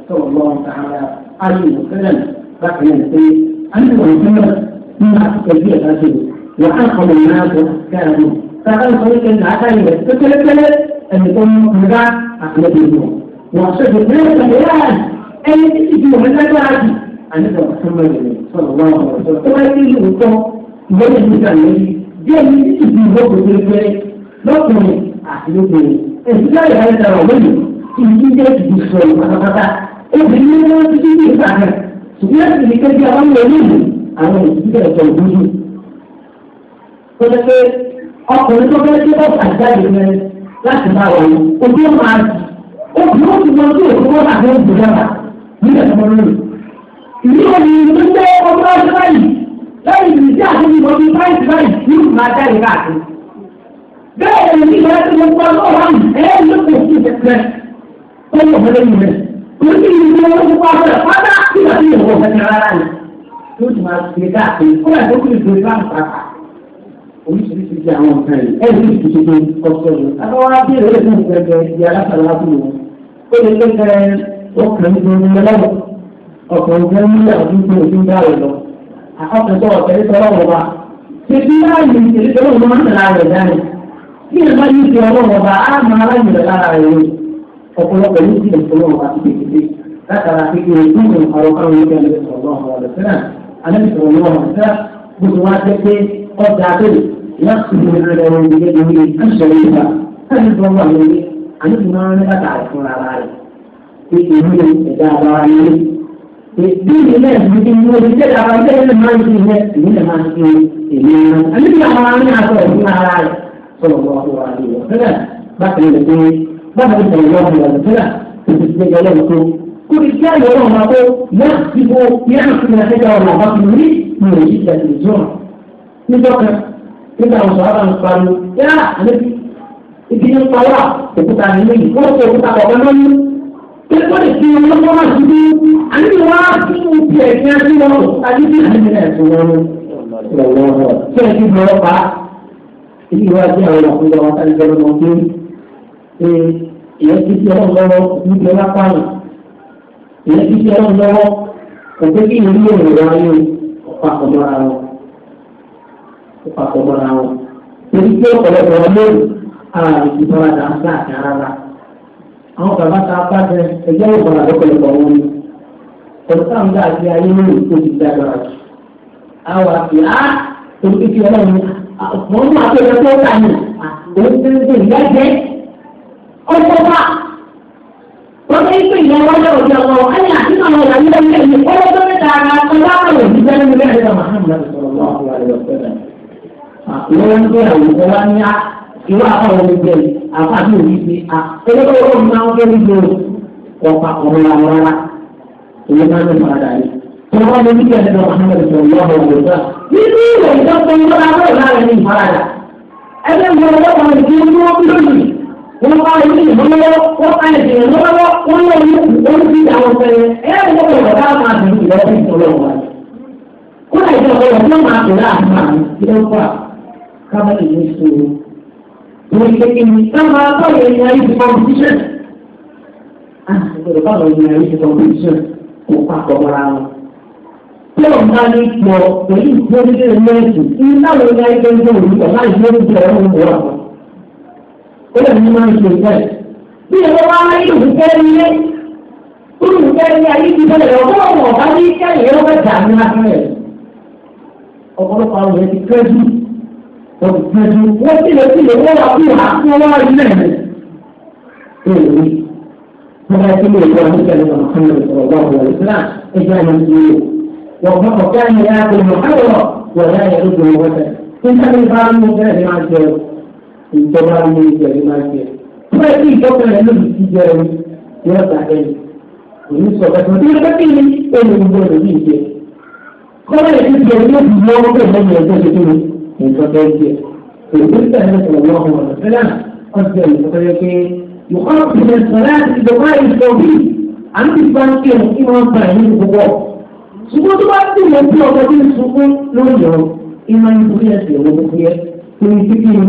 صلى الله تعالى عليه وسلم بعد النبي أنه محمد من التوجيه الرسول وعاقب الناس وأحكامه فقال طريق العقائد فكلكل أن يكون مقنع عقلته وأشد ذلك الآن أن تجد من أدراكي أن محمد صلى الله عليه وسلم كما يجي وقوم يجب أن يجي جاي يجي يجي يجي يجي يجي àtìlókè èsì láyé ayé tẹ̀lé ọ̀gbẹ́ni ìdí jẹ́ ìdí sọ̀rọ̀ pátápátá obìnrin ní wọ́n ti dín ní ìgbà rẹ̀ ṣùgbọ́n ẹ̀sìn ní kékeré àwọn ọmọ olóògùn àwọn ìdílé ẹ̀sọ̀ òdúdú. ó ṣe pé ọkùnrin tó fẹ́ ṣe ọ̀pọ̀ àjáde rẹ láti máa wọ̀ ọ́ ojú ọmọ àti obìnrin ó ti mọ ojú òkúrò àwọn òbí dára nílẹ̀ tó lórí. ìlú òní ló jẹ́ ọmọ ọdún báyìí lẹ́yìn ìrìnsí àti ìmọ̀ bíi báyìí báyìí yóò máa jáde káàkiri bẹ́ẹ̀ ni ìyá tí mo pa lọ́wọ́ àmì ẹ̀ ló kò sí ìfẹ́ tó wọ̀ fẹ́lẹ́ yìí rẹ̀. Orí ìlú wọn ti pa ọ̀rẹ́ pátá tí wọ́n ti yọ̀wọ̀ fẹ́ rárá ni. Yóò ti máa ṣe káàkiri kó yàtọ̀ kí ìdòwé bá ń pàpà. Oríṣiríṣi ti àwọn ọ̀kan yìí. Ẹ ní ìdíje tó ń kọ́ sọ́dọ̀. Àwọn abẹ́rẹ́ rẹ̀ fún ìgbẹ́gbẹ́ ìdí alásàlátù wọn. Ó lè lẹ́gbẹ̀ẹ́ ọkùnrin tó ń lọ́wọ́. Ọkùnrin tó ń lọ́wọ́ ń dá rẹ̀ lọ bí ẹ bá yóò fi ọlọ́run ọba á máa láyè rẹ̀ lára rẹ̀ ọ̀pọ̀lọpọ̀ yóò fi ìfọlọ́run ọba ti kékeré látara kékeré nínú àròkàrò yóò fi ọlọ́run ọba rẹ̀ sílẹ̀ alẹ́sọ̀rọ̀ yóò wà sílẹ̀ bó ti wá jẹ́ pé ọjà abẹ́rẹ́ láti fi rẹ̀ lọ́wọ́ ìgbẹ́ lórí àṣẹ̀rẹ̀ ìgbà láti fi ọmọ àwọn ilé àti fi máa ń rí bàtà rẹ̀ fúnra ara rẹ̀ pé èmi ò ẹ̀dá ara ilé bí ilé ẹ̀sìn ti mú omi tẹ́lẹ̀ ara tẹ́lẹ̀ máa ń fi ilé ìmílẹ̀ máa ń fi èmi rán àti fi àwọn arìnrìn àtọ̀ fúnra ara rẹ̀ sọ̀rọ̀ wọn àwọn àlè wọn sílẹ̀ bákan lè pé bákan lè sọ̀rọ̀ wọn àwọn sílẹ̀ kò sì ti gbẹ̀yẹ̀ lọ́wọ́ tó kó lè jẹ́ àyẹ̀wò ọ̀nà àbó yáà ti bo yáà ti ní àtẹ́jà ọ̀nà àbá fi rí mi ò yí ìjà ìlú zọ́ọ̀ níjọ́ kan nígbà wọn sọ̀rọ̀ àwọn ìpanu yáà àlébi ibi ní pawá òkúta nílé yìí wọ́n sọ òkúta ọ̀gá náà mú tẹ́lifọ́nì tí wọ́n bọ́ máa wá sí ibi ẹ̀sìn àti wọn àti èyí wá jẹ́ àwọn ìyàkúndà wọn tá ìjọba wọn pé pé èyẹ ti fi ọlọ́run lọ́wọ́ níbi ọlá pààyàn èyẹ ti fi ọlọ́run lọ́wọ́ kò pé kí ìlú yóò rìn wáyé ọ̀pá àkọ́mọ́ra wọn ọ̀pá àkọ́mọ́ra wọn torí pé ọ̀pọ̀lọpọ̀ ọlọ́run ara rẹ̀ ti bọ́ra dà ń gbà dà rárá àwọn bàbá ta bá jẹ ẹgbẹ́ ìbọn àlọ́pọ̀lọpọ̀ wọn ni ọ̀sán àti ayé lórí ìkó dàgbà mo ní àpéjọ tó kà ní òun ti ń gbé ìyá bá wọ́n ti ń gbé ìyá wọlé òde ọmọ ẹni àti ọmọ ìyá ní ọmọ ẹni ọwọ́ tó ń ta ara ọmọ báwọn lò ní bẹ́ẹ̀ ní bẹ́ẹ̀ ní ọmọ hàmìlá ti sọ̀rọ̀ lọ́wọ́ àwọn àlejò fẹ́rẹ̀. wọ́n ń gbé àwùjọ wa ní irú àbáwọn olùgbé àfàbí òbí ti a olóko ọmọ náà ń fẹ́ nígboro ọ̀pá ọ̀rọ̀ àwọn ará ìlú náà ló máa dà yìí ìwọ ni bí kẹlẹ náà Muhammad sọ ìyá ọmọ òwò sá nínú ìwé ìtọ́sọ ìwọ abẹ́ ìlà rẹ ní ìfaradà ẹgbẹ́ ìwọ ọwọ́ kan ní kí wọ́n lónìí wọ́n bá ìlú ìmọ̀lọ́wọ́ wọ́n ká ẹ̀sìn ìmọ̀lọ́wọ́ wọ́n lọ ní olùbí àwọn fẹ́rẹ́ ẹ̀yẹ́ ìwọ ọ̀rọ̀ bá máa bẹ̀rù ìlọ́wọ́ bí ìtọ́lọ́ wa kó láì jẹ́ ọ̀rọ̀ tí máa bẹ̀rẹ̀ àmà ìlọ́ fà ní sòrò wọ́n ṣe kí ni ká máa bá ìyẹn ní ayé ti kọ́mpútíṣẹ̀ tí o bá ní pọ̀ pẹ̀lú ìgbóríde mẹ́tì tí láwọn ilé ayé ń gbòòrò nípa láì gbé oúnjẹ ọ̀hún wọ̀ ọ́. ó lè ní máa ń ṣe bẹ́ẹ̀. bí ẹ̀rọ wa ayé òkúkẹ́ nílé olùkẹ́ ní ayé ti bẹ̀rẹ̀ ọ̀gbọ́n ọ̀gbọ́n ọ̀gá ní kẹ́yìn ẹ̀rọ mẹ́ta ní abẹ́rẹ́. ọ̀pọ̀lọpọ̀ àwọn yẹn kẹ́jú wọ́n ti kẹ́jú wọ́n ti lè ti lè wọ́n wá fún wa fún wa ilé rẹ̀. ee wọ́n bá ti lè wọ́n وكان ياكل محررا ولا يرده وثنا من هذا الباب من ذلك ما جاء الجواب من ذلك ما جاء فأتي جواب النبي في جاء يرفع ذلك ونسبة مدير بكيه أن يقول به جاء قال يجب أن يكون يوم من يجب من فتاة فقلت أن صلى الله عليه وسلم أصدر الفتاة يخاطب الصلاة بدعاء التوحيد عن بالفاتحة إمام فاهم بقوة ṣùgbọ́n tó bá sì lè fi ọ̀gá tí ń sunkún lóyọ̀ iná ń fi ẹsẹ̀ owó fún yẹ kí n fi kíni.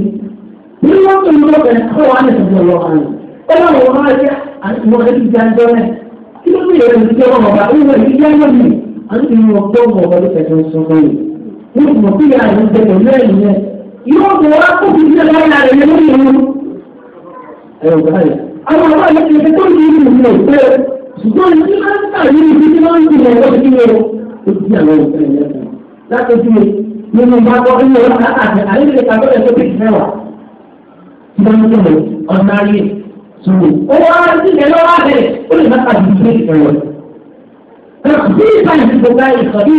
bí wọ́n tó ń lọ bẹ̀ kó wà ní ìsìnkú ọ̀rọ̀ kan ó wà wọ́n máa jẹ́ àwọn ẹbí jẹ́ ẹjọ́ rẹ̀ kí ló sì yẹ ìdíjẹ́ wọn ọ̀gá ó wọ ìdíjẹ́ wọn mi à ń fi wọn gbọ́ wọn ọ̀gá ló fẹ̀sẹ̀ sunkún yìí. wọ́n ti mọ̀ sí ìyá rẹ̀ ń bẹ̀rẹ̀ lẹ́yìn yẹn yóò bọ̀ wá ṣùgbọ́n ní bí wọ́n ń tà ní ibi tí wọ́n ń tì lọ́wọ́ sí o ó ti àwọn òkè rẹ̀ láti fi nínú bá bọ́ nínú ọ̀rọ̀ àti àyẹ̀lẹ̀ ìkàgbọ́lẹ̀ tó bẹ̀rẹ̀ mẹ́wàá tí wọ́n ń tẹ̀lé ọ̀nà ayé sùúrù. ó wá sí ilẹ̀ lọ́wọ́ àbẹ̀ ó lè má kàdé ìgbé ìfẹ̀wọ̀. bí ìbáyìí ti gbogbo ayé sọ bí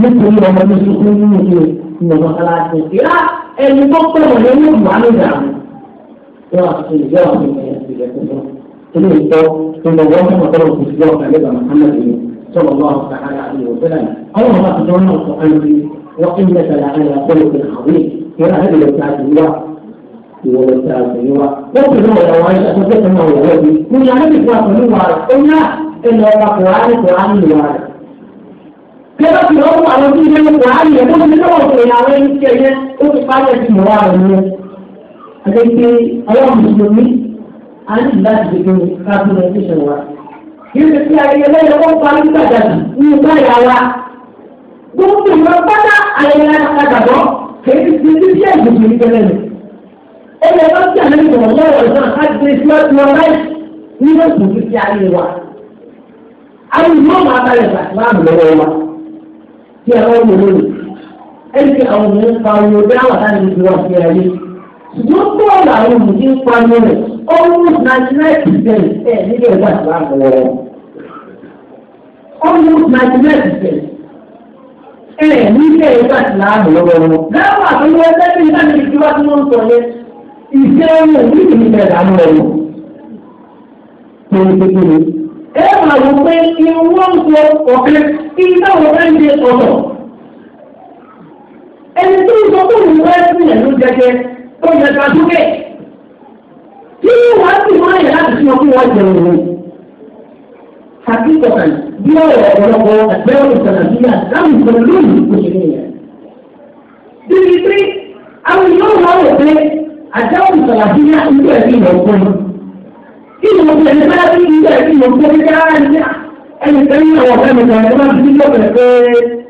nítorí ọmọ mi ti kú nínú ilé ìwọ̀n aláṣẹ ìrá ẹni ثم الصوت كل الوطن وطلب الصديق عليه محمد صلى الله تعالى عليه وسلم اللهم اقدرنا القران وانك لعلى خلق عظيم ترى هذه الوسعات الله ووسعات الله وقل هو الأولى وائل اصدق انه يهودي من يعرفك واقل هو عارف قلنا انه واقل عارف وعالم وعارف كما في رب على دين القرآن يقول من هو في العالم الكريم وفي قاعدة الموارد هذا يقول الله مسلمين a ní láti gbèké carbonization wa. Yíyí ti ayẹyẹ lẹ́yìn ọkọ̀ parí gbàgbà ní báyà wa. Gbogbo ìwé pátá ayẹyẹ àgbàgbọ́ kèéjì ti ti bí ẹ̀gbẹ̀gbẹ̀ ní tẹ́lẹ̀ mi. Ó yẹ kó tí àná ìgbọ̀n lọ́wọ́ ìgbọ̀n á ti fi ọtí ọ̀rá ẹ̀ nínú ìgbọ̀n ti ti ayẹyẹ wa. Àwọn ìlú ọ̀nà abalẹ̀ ìgbàgbọ́ lọ́wọ́ wa. Kí ẹ lọ́wọ́ mi lónìí. Ẹni tí àwọn ènìyàn ń pa ọmọ bí àwọn àtàlẹ́ ìgbọ̀n Ṣùgbọ́n kó ọ̀nà àwọn òmùdí ń pa ọmọ rẹ̀ almost ninety nine percent ẹ̀ nílé ẹ̀wá ìsìlámù wọ̀ almost ninety nine percent ẹ̀ nílé ẹ̀wá ìsìlámù lọ́wọ́ wọn. gáwà tó yẹ ẹgbẹ́ mi láti fi wá tí wọ́n ń sọ yẹn ìṣe ẹ̀wọ̀n ní ìlú ìdààmú ẹ̀rọ pẹ̀lú kékeré. ẹ máa wọ pé irun wọn ń sọ ọ̀kẹ́ kí táwọn bá ń ṣe ọ̀tọ̀. ẹni tó ń sọ fún ìwé ẹ̀sìn ẹ̀ ló jẹjẹ tó yẹ ká dúkẹ́ tí wọ́n kí wọ́n jẹun wò. Hakikatan bí ọ̀rọ̀ ọ̀pọ̀lọpọ̀ àgbẹ̀wò ìsàlàyé àdáhùn ìsọ̀rọ̀ lónìí kò ṣe nìyẹn. Bíbi pé àwọn yóò wá wò pé àdáhùn ìsàlàyé ìlú ẹ̀rí ìlọ̀gbọ́n. Kí ni mo fi ẹni bá bí ìlú ẹ̀rí ìlọ̀gbọ́n ní káyà ní ẹni tẹ́ ní ọ̀rọ̀ mi kan ẹni bá fi lọ́ bẹ̀rẹ̀ pé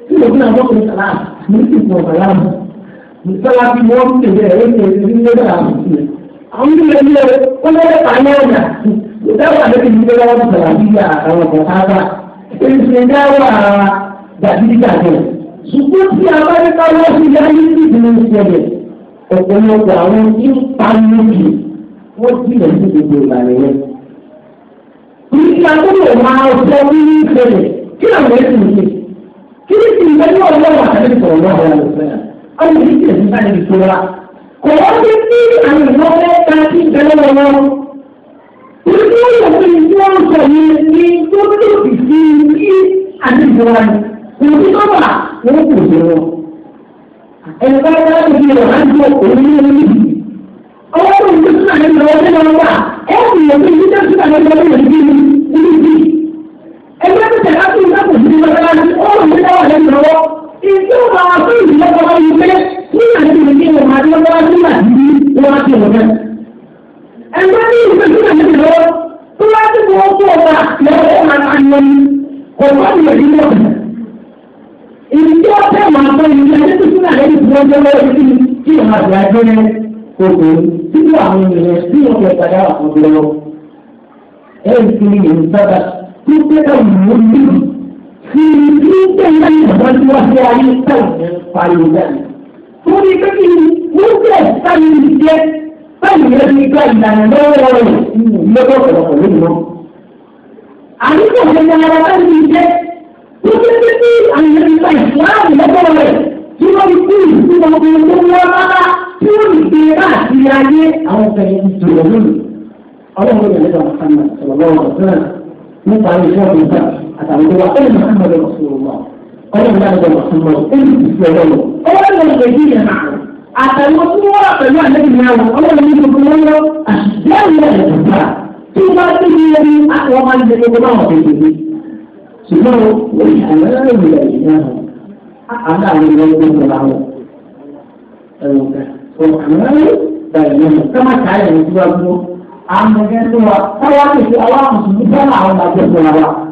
kí ló fi àwọn ọkùnrin sàlámù lọ́wọ́ pàmì àná ìdáwọ̀ àdókè ní ìgbéra wọn sọ̀rọ̀ àbíyá àwọn ọ̀gá sábà èsì ìdáwọ̀ dàbí dàbí. ṣùgbọ́n tí a bá ní káwọ́ sí yáyé ní ìṣẹ̀lẹ̀ ọ̀pọ̀lọpọ̀ àwọn tí ń pa lójú wọ́n ti lọ sí gbogbo ìlànà yẹn. ìgbà máa sọ nínú ìṣẹ̀lẹ̀ kí àwọn èsì ṣe kí kò wọ́n ti sí àwọn ìwọ́n mẹ́ta sí lọ́wọ́. Irú ìwọ̀n tó ní yìí ni tó lòdì sí ní àdìgbòrà ni kò sí kọ́bà wọ́n kò wọn. Ẹ̀ka bá ti di ọ̀rá jọ òun ní Ọwọ́ tó ń tún àná ìlọ ọdún náà wà ẹ̀ kò yẹ kí ìdíjẹ́ tún àná ìlọ ọdún yìí ní ibi yìí. Ẹgbẹ́ tó tẹ̀lé àti ìgbà kò sí ní ọ̀rá nígbà tí mo ní wọn adé wọn adé wà ní wọn adé wọn náà. ẹgbẹ́ ní ìgbésí náà níbi lọ tó wá sí wọn kó ọba lọ́wọ́ wọn máa ń lọ ní kò wá ní ẹ̀dín náà. èyí tí wọ́n fẹ́ wọn àgbọ̀ yìí ní ẹgbẹ́ tó náà lẹ́yìn tí wọ́n jẹ́ lọ́wọ́ sí i kí wọn àgbà ẹgbẹ́ rẹ kòkò nínú àwọn ènìyàn tí wọn fẹ́ padà wà fún lọ. ẹ̀yìn tí mi yẹn sábà tó fẹ́ kọ́ ìmọ̀ níbi tí ní tẹ̀lé ìgbà tí wọ́n fẹ́ ayé tẹ̀lé pariwo jáde wọ́n ní ni wọ́n tẹ̀ sáyé ní jẹ́ báyìí rẹ̀ ní gba ìlànà lọ́wọ́ rẹ̀ lọ́wọ́ ọ̀pọ̀lọpọ̀ lónìí àdúgbò ọ̀gbẹ́ni ara bá ní jẹ́ wọ́n tẹ́ pé kí àwọn ìgbà ìsìláàmù lọ́wọ́ rẹ̀ tí wọ́n fi kú ìdúró ọmọ olówó rárá tí wọ́n fi gbé láti ayé àwọn ọ̀gbẹ́ni ìṣòro lónìí ọlọ́run ló yẹ lọ́wọ́ sọ́nà ọ̀rọ̀ lọ́wọ́ nípa iṣẹ́ ọ̀gbìn ọlọ́run náà lọ́wọ́ fún wọn ẹni tí fi ọlọ́run ọlọ́run náà lè dín yẹn àrùn àtàwọn tí wọ́n wà pẹ̀lú àlejò ní àwọn ọlọ́run ní gbogbo wọn lọ àṣìjáwé rẹ̀ lọ́wọ́ tí wọ́n ti ní ẹni àwọn máa ń lè gbogbo náà wọ́n ti dé ṣùgbọ́n wọ́n yà lọ́rùn rẹ̀ yìí náà àdá àwọn ìlú ọgbọ́n tó bá wọn ẹ̀rọ kẹ́ ọ̀hún rẹ̀ báyìí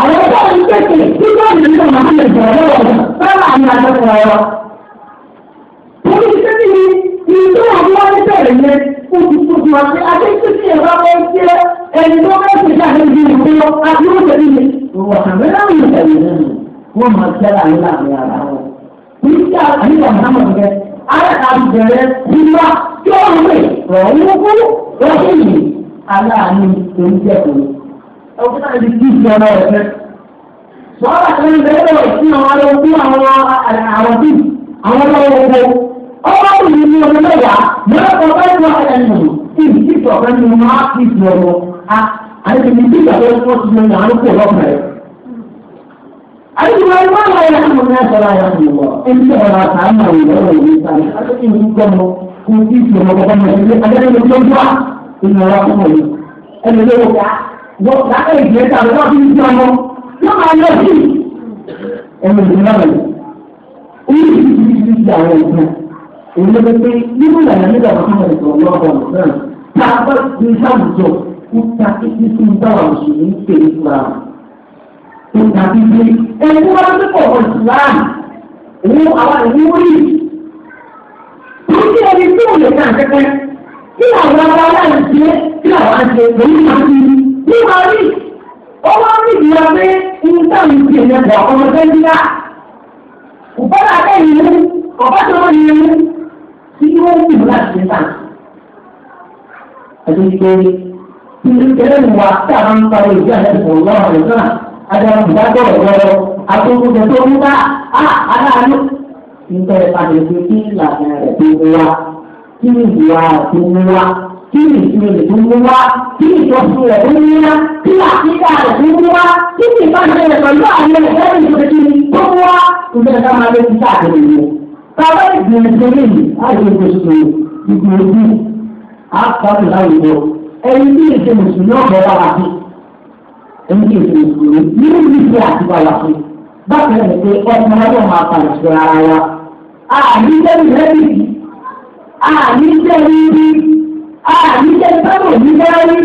àwọn tó ń pèsè nígbà tí nígbà máa ń lè jọ lọ́wọ́ sábà ní àtọ́kùn ọ̀rọ̀. Torí iṣẹ́ tí ni ni tó wà ní wọ́n bẹ̀rẹ̀ yẹn kó ti kó ti wá sí akéṣẹ́ tí ẹ̀rọ bá ń ṣe ẹni tó bá ṣe jáde ní ìlú àti ó ṣe nílé. Wọ́n àmì láwọn ìṣẹ̀lẹ̀ náà wọ́n máa jẹ́ láàrin láàrin ara wọn. Nígbà àyíká Mùhàmmad rẹ̀ ara àti bẹ̀rẹ̀ nígbà tí ó ń rìn rọ̀ ọdún náà lè kí ìṣọ̀rọ̀ ọ̀fẹ́. Wọ́n bá ti ń bẹ̀rẹ̀ lọ sí àwọn ọlọ́gbọ́n àwọn àròbí àwọn ọlọ́wọ́ ọlọ́run ní ọmọ mẹ́wàá mẹ́wàá bá wà ẹnu ìdí ìtọ̀fẹ́ ni wọ́n á fi ìṣòro àti ìdí ìgbàgbọ́ tó ti lè yàn án kó lọ́kàn rẹ̀. Àyùbá ni wọ́n lọ yà mọ̀ náà sọ̀rọ̀ àyà mọ̀ lọ. Ẹni tí ọ̀rọ̀ àtà ń bàwọ̀ lọ́wọ́ yìí sáré. Adókè ń gbọ́ mọ kó tí ìṣòro ọkọ̀ mọ̀ ẹ̀ṣẹ̀ adé wọ́n láti ìgbẹ́ ta lọ́wọ́ bí wọ́n mọ́ máa lọ sí ẹnu ìlú náà lọ. Orí ìdílé ti di àwọn ìgbà òun ló pé nínú ìlànà nígbà wọn kọ́ ẹ̀sọ́ ọlọ́ọ̀bọ̀ náà tá bá ti ní sáwùjọ ó ta títí fún báwa òṣèlú ń pè é fúnra ó ta títí ẹni wá ní pọ̀ ọ̀sùnláà òun àwa ìwúrí. Ó ní ẹni tí ò lè ta àtẹ́kẹ́ kí àwọn ọba aláìsí ní màrí ó wá ní ìdílé pé nígbà mi ti ẹ̀yẹ bọ̀ ọmọ sẹ́ńtínà òbára lẹ́yìn mú ọ̀bá tó wọ́n yẹn mú tí wọ́n ń bìbọn láti ṣe tán. Àti ìgbé tí ní kẹlẹ́ ní wa tí a máa ń parí ìdí àlẹ́ ìfọ̀rọ̀ lọ́wọ́ rẹ̀ náà adára ìgbà gbọ́dọ̀ lọ́wọ́ àtúntò tó ń bá a ah, aláàánú. Nígbà yẹn pàdé pé kí ìlànà rẹ̀ tó ń wá kí ìwà tó ń wá. kí ni ìsinmi na nkwa àníjẹ́ sábò ní wáyé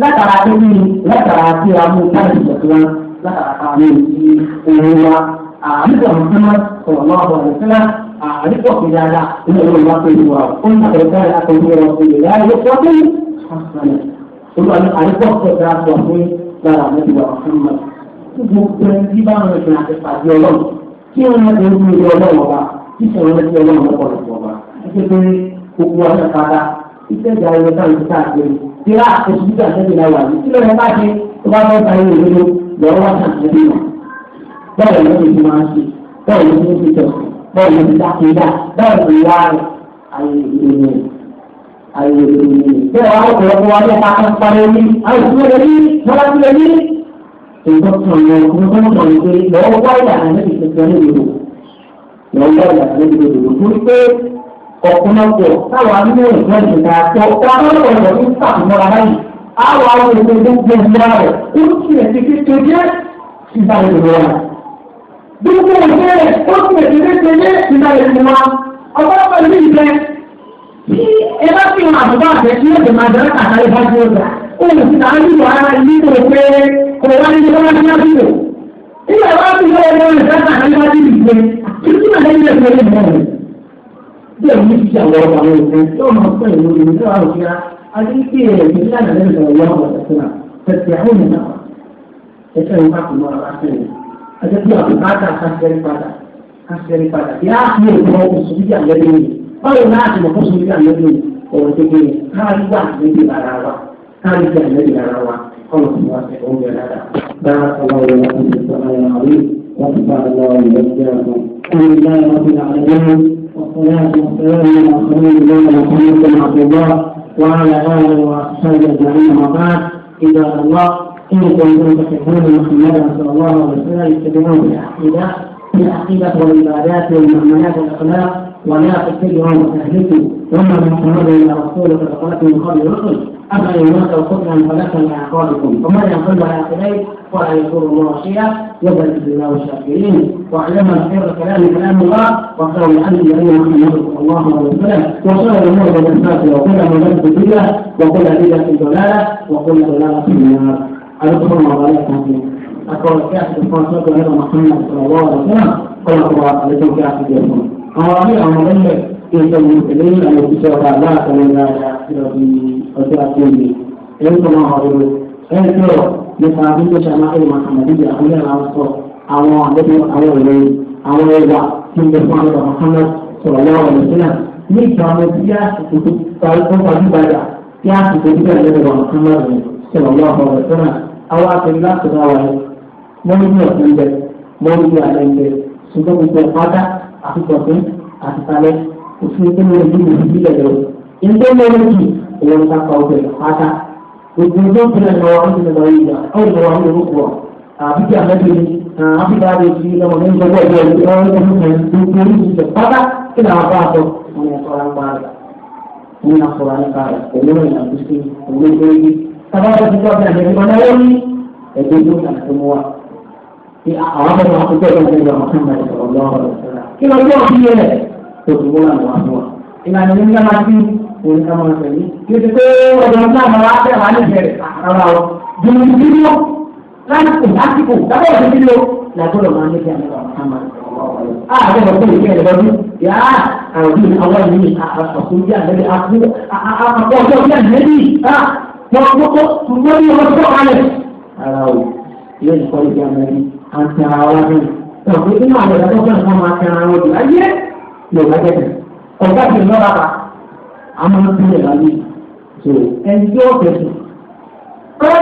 látara tó ní látara tí a mú táyà ìjọba látara àwọn èyí òun wa àníjọ mọ̀tánmá sọ̀rọ̀ náà bọ̀ nìkanná àníjọ kò yára nínú ìwé ìwà pẹ̀lú wa ó ń bàtà ìgbà yàrá pẹ̀lú ọ̀rọ̀ pẹ̀lú ìyá ìwé pọ́tù olùwà ní àníjọ kò yára sọ̀ fún lára àwọn ìwà ọ̀fun mọ̀ gbogbo ẹni tí bá ń rìn àti pàdé ọlọ́run kí wọ́n máa ń rìn ọlọ́run ọba kí sọ̀rọ̀ ní ọlọ́run ọ̀pọ̀lọpọ̀ ọba. Ẹgbẹ́ pé gbogbo ọjọ́ padà ìṣẹ̀dá ẹ̀rọ táwọn ti káàkiri tíra oṣù tó àtẹ́bí la wà ní kí lóore bá ṣe tó bá fẹ́ parí ìlú lọ́wọ́ wá sàtẹ́bí wọn. bẹ́ẹ̀ ló ti máa ń ṣe bẹ́ẹ̀ ló ti ń tọ̀ bẹ́ẹ̀ ló ti dákun dá bẹ́ẹ̀ ló wá ayé ìlú ayé ìlú bẹ́ẹ̀ wá ọ̀pọ̀lọpọ̀ wa lẹ́ka kan parí omi ayé ìlú rẹ̀ ní mọ́lá ti rẹ̀ ní. ètò kan lọ kúnkún kan pé lọ́wọ́ wáyà àná ìṣẹ̀ṣẹ̀ ní ìlú lọ́wọ́ wáyà àná ìṣẹ̀ṣẹ̀ ọ̀pọ̀lọpọ̀ táwa ní ìwọ̀n ìgbà àti ọ̀pọ̀lọpọ̀ ọ̀rọ̀ ní sàmúra báyìí àwọn àwọn èdè gbogbo ìlera rẹ̀ ó ń tilẹ̀ ti fi tó jẹ́ ìgbà ìlera rẹ̀. gbogbo ìgbà rẹ̀ ó tilẹ̀ ti fi tó jẹ́ ìgbà ìlera ọ̀pọ̀lọpọ̀ ìlú ìgbẹ́ tí ẹ bá fi hàn àbúrò àbẹ̀ tí yóò dé máa dẹ́rẹ́ kàkà ẹ bá ti ó gbà ó lè ti bí ẹ̀rù ní ti àwọn ọba àwọn ìfẹ́ yóò máa pẹ́ ìlú ìlú tó wà lóṣìṣẹ́ adéńké rẹ̀ ní ìlànà lẹ́nu ìwà ọ̀gá tẹ̀síra tẹ̀sí àwọn ìlànà ẹ̀ṣẹ̀ ìwà kò mọ́ra wá sẹ́yìn ẹ̀ṣẹ̀ tí wàá bùkátà kásẹ̀rì padà kásẹ̀rì padà bí a fi òkú oṣù bí àlẹ́ lẹ́yìn báwo náà ti mọ̀ fóṣù bí àlẹ́ lẹ́yìn ọ̀rọ̀ kékeré káàrí wà níbi ara wa káàrí fún wa ṣe ìlú ẹgbẹ́ والصلاة والسلام على خليل محمد بن عبد الله وعلى آله وأصحابه أجمعين وبعد إذا الله إن كنتم تحبون محمدا صلى الله عليه وسلم اتبعوه بالعقيدة بالعقيدة في العقيدة والعبادات والمعاملات والأخلاق ولا تتبعوا وتهلكوا وما محمد إلا رسول قد من قبل رسل أما يناقض القرآن فلكم أعقابكم ومن يقل هؤلاء ولا يكون الله شيئا يبدل الله الشاكرين واعلم أن خير الكلام كلام الله وخير الحمد لله محمد صلى الله عليه وسلم وشر الأمور محدثاتها وكل محدث بدعة وكل في ضلالة وكل ضلالة في النار. أذكر الله عليكم أقول كافة الفرصة غير محمد صلى الله عليه وسلم قال الله عليكم كافة الفاصلة. أمر إن إنسان المسلمين أن يكتشف لا تمنى إلى دينه ọjọ́ àtúnyẹ ẹ̀rọ tó máa ọ̀rọ̀ ẹ̀rọ tó rọ̀ nípa bí ó ṣe máa ń wà àmàdíjà àwọn ẹ̀rọ àwọn sọ àwọn àgbẹ̀bí àwọn ọ̀rẹ́ àwọn ẹ̀wà tí ń bẹ fún àwọn ọ̀rọ̀ kan náà sọ̀rọ̀ lọ́wọ́ ọ̀rọ̀ sí náà ní ìtàn tí àsìkò tó gbajúgbajà tí àsìkò tó bẹ̀rẹ̀ lọ́wọ́ ọ̀rọ̀ kan náà sọ̀rọ̀ lọ́wọ́ ọ̀rọ̀ sí náà àwọn àtẹ̀lé láti náà wáyé wọ́n ní ọ̀sẹ̀ bẹ wọ́n ní alẹ́ ń bẹ ṣùgbọ́n gbogbo ìgbẹ́lẹ́lẹ́jì ìwọ̀n ìtàkà ọ̀bẹ pátá gbogbo ìjọ ìpínlẹ̀ náà wọ́n ti lọ yìí náà ọ̀rọ̀ náà wọ́n ti rú pọ̀ àbíkí àmẹ́bìnrin àbíkí àmẹ́bìnrin lọ́wọ́ ní ìjọba ìjọ ìjọ ìjọ ìjọ ìjọ ìjọ pátá kí ni àwọn bá a sọ wọn yẹn sọ̀rọ̀ nípa rẹ̀ wọn yẹn sọ̀rọ̀ nípa rẹ̀ pẹ̀lú ìrìn àbúsí òwe gbẹ́gbẹ́ sábà bá ti sọ̀rọ̀ ní ẹ̀jẹ̀ náà wọ́n ní ẹ̀jẹ̀ tó kà tó mú wa kí àwọn bá wọn kó tẹ̀lé ẹ̀jẹ̀ wọn kí wọn sọ̀rọ̀ lọ́wọ́ rẹ̀ kí lọ́jọ́ òbí yẹn tó ti wọ́n àwọn àwọn ìlànà nígbà máa fi èyí ká máa tẹ̀lé. kí ti pé ọ̀dọ̀ náà máa wá bẹ̀rẹ̀ wá níbẹ̀rẹ̀ ara ọ̀ dùnú fídíò lásìkò lásìkò lábẹ́ òfin fídíò làgbọ́dọ̀ máa níbi àmọ́ àmọ́. a àbẹ̀ wọ́n pé ìkẹ́ ẹ̀rọ bí yá àwọn ìlú àwọn ìlú mi àkọ́kọ́ bí àbẹ̀rẹ̀ àkọ́kọ́ ọjọ́ bí àbẹ̀rẹ̀ wọ́n kọ́kọ́ wọ́n ní ọmọ tó kalẹ̀. ara o yóò ní kọ́lé bí àbẹ̀rẹ̀ àti ara wa náà. ọ̀pọ̀ inú àwọn ìdàgbàsókè náà máa tẹ ara wọn jù láyé a máa ń láyé tó ẹni tí ọ̀rọ̀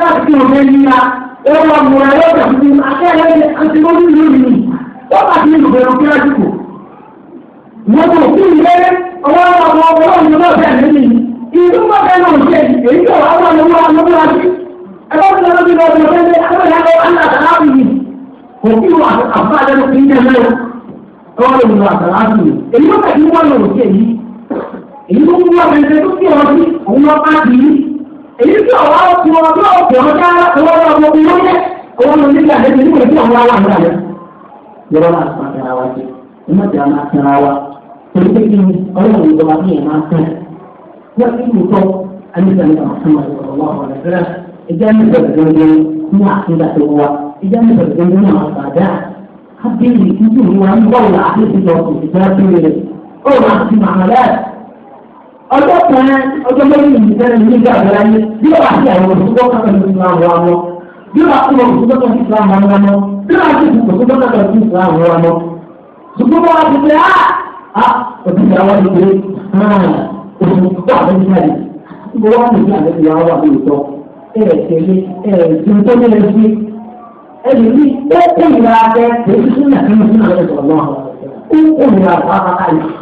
náà ti wọ́n fẹ́ níyà ó wà yóò akẹ́rẹ́ àti lórí ìlú mi ó bá ti lù bẹ̀rù kí mo kí lé ọwọ́ ọmọ ọmọ ọmọ náà ìlú náà ṣe èyí tó wà lọ́wọ́ lọ́wọ́ èyí tó kú ọ̀rẹ́ tó kí ọ̀rọ̀ sí òun lọ bá kì èyí tí ọ̀wá ti ọjọ́ òkè ọjà owó ọmọ ogun ló yẹ owó ló nígbà lẹ́nu nígbà tí àwọn aláwọ̀ àgbà rẹ̀ yọ̀rọ̀ máa sọ àtẹ̀rà wa sí ẹ má tẹ̀rà máa tẹ̀rà wa torí pé kí ni ọlọ́run ìjọba ní ẹ̀ máa tẹ̀ wọ́n ti kú tọ́ alẹ́sàlẹ̀ àwọn ọmọ ìjọba wà wà ẹjẹ́ ọjọ́ kan ọjọ́ méjì nìkan ah, ah, ní ìjà àgbáyé ní bí wàá sí àwọn òṣùpọ̀ kan pẹ̀lú ìsìlámù wa mọ́ bí wàá sí àwọn kan pẹ̀lú ìsìlámù wa mọ́ bí wàá sí òṣùpọ̀ kan pẹ̀lú ìsìlámù wa mọ́. ṣùgbọ́n wọn ti pé á á òbí ìyá wa ti pé òṣùpọ̀ àbẹ́ nígbà yìí ìgbọ́ wa ìyá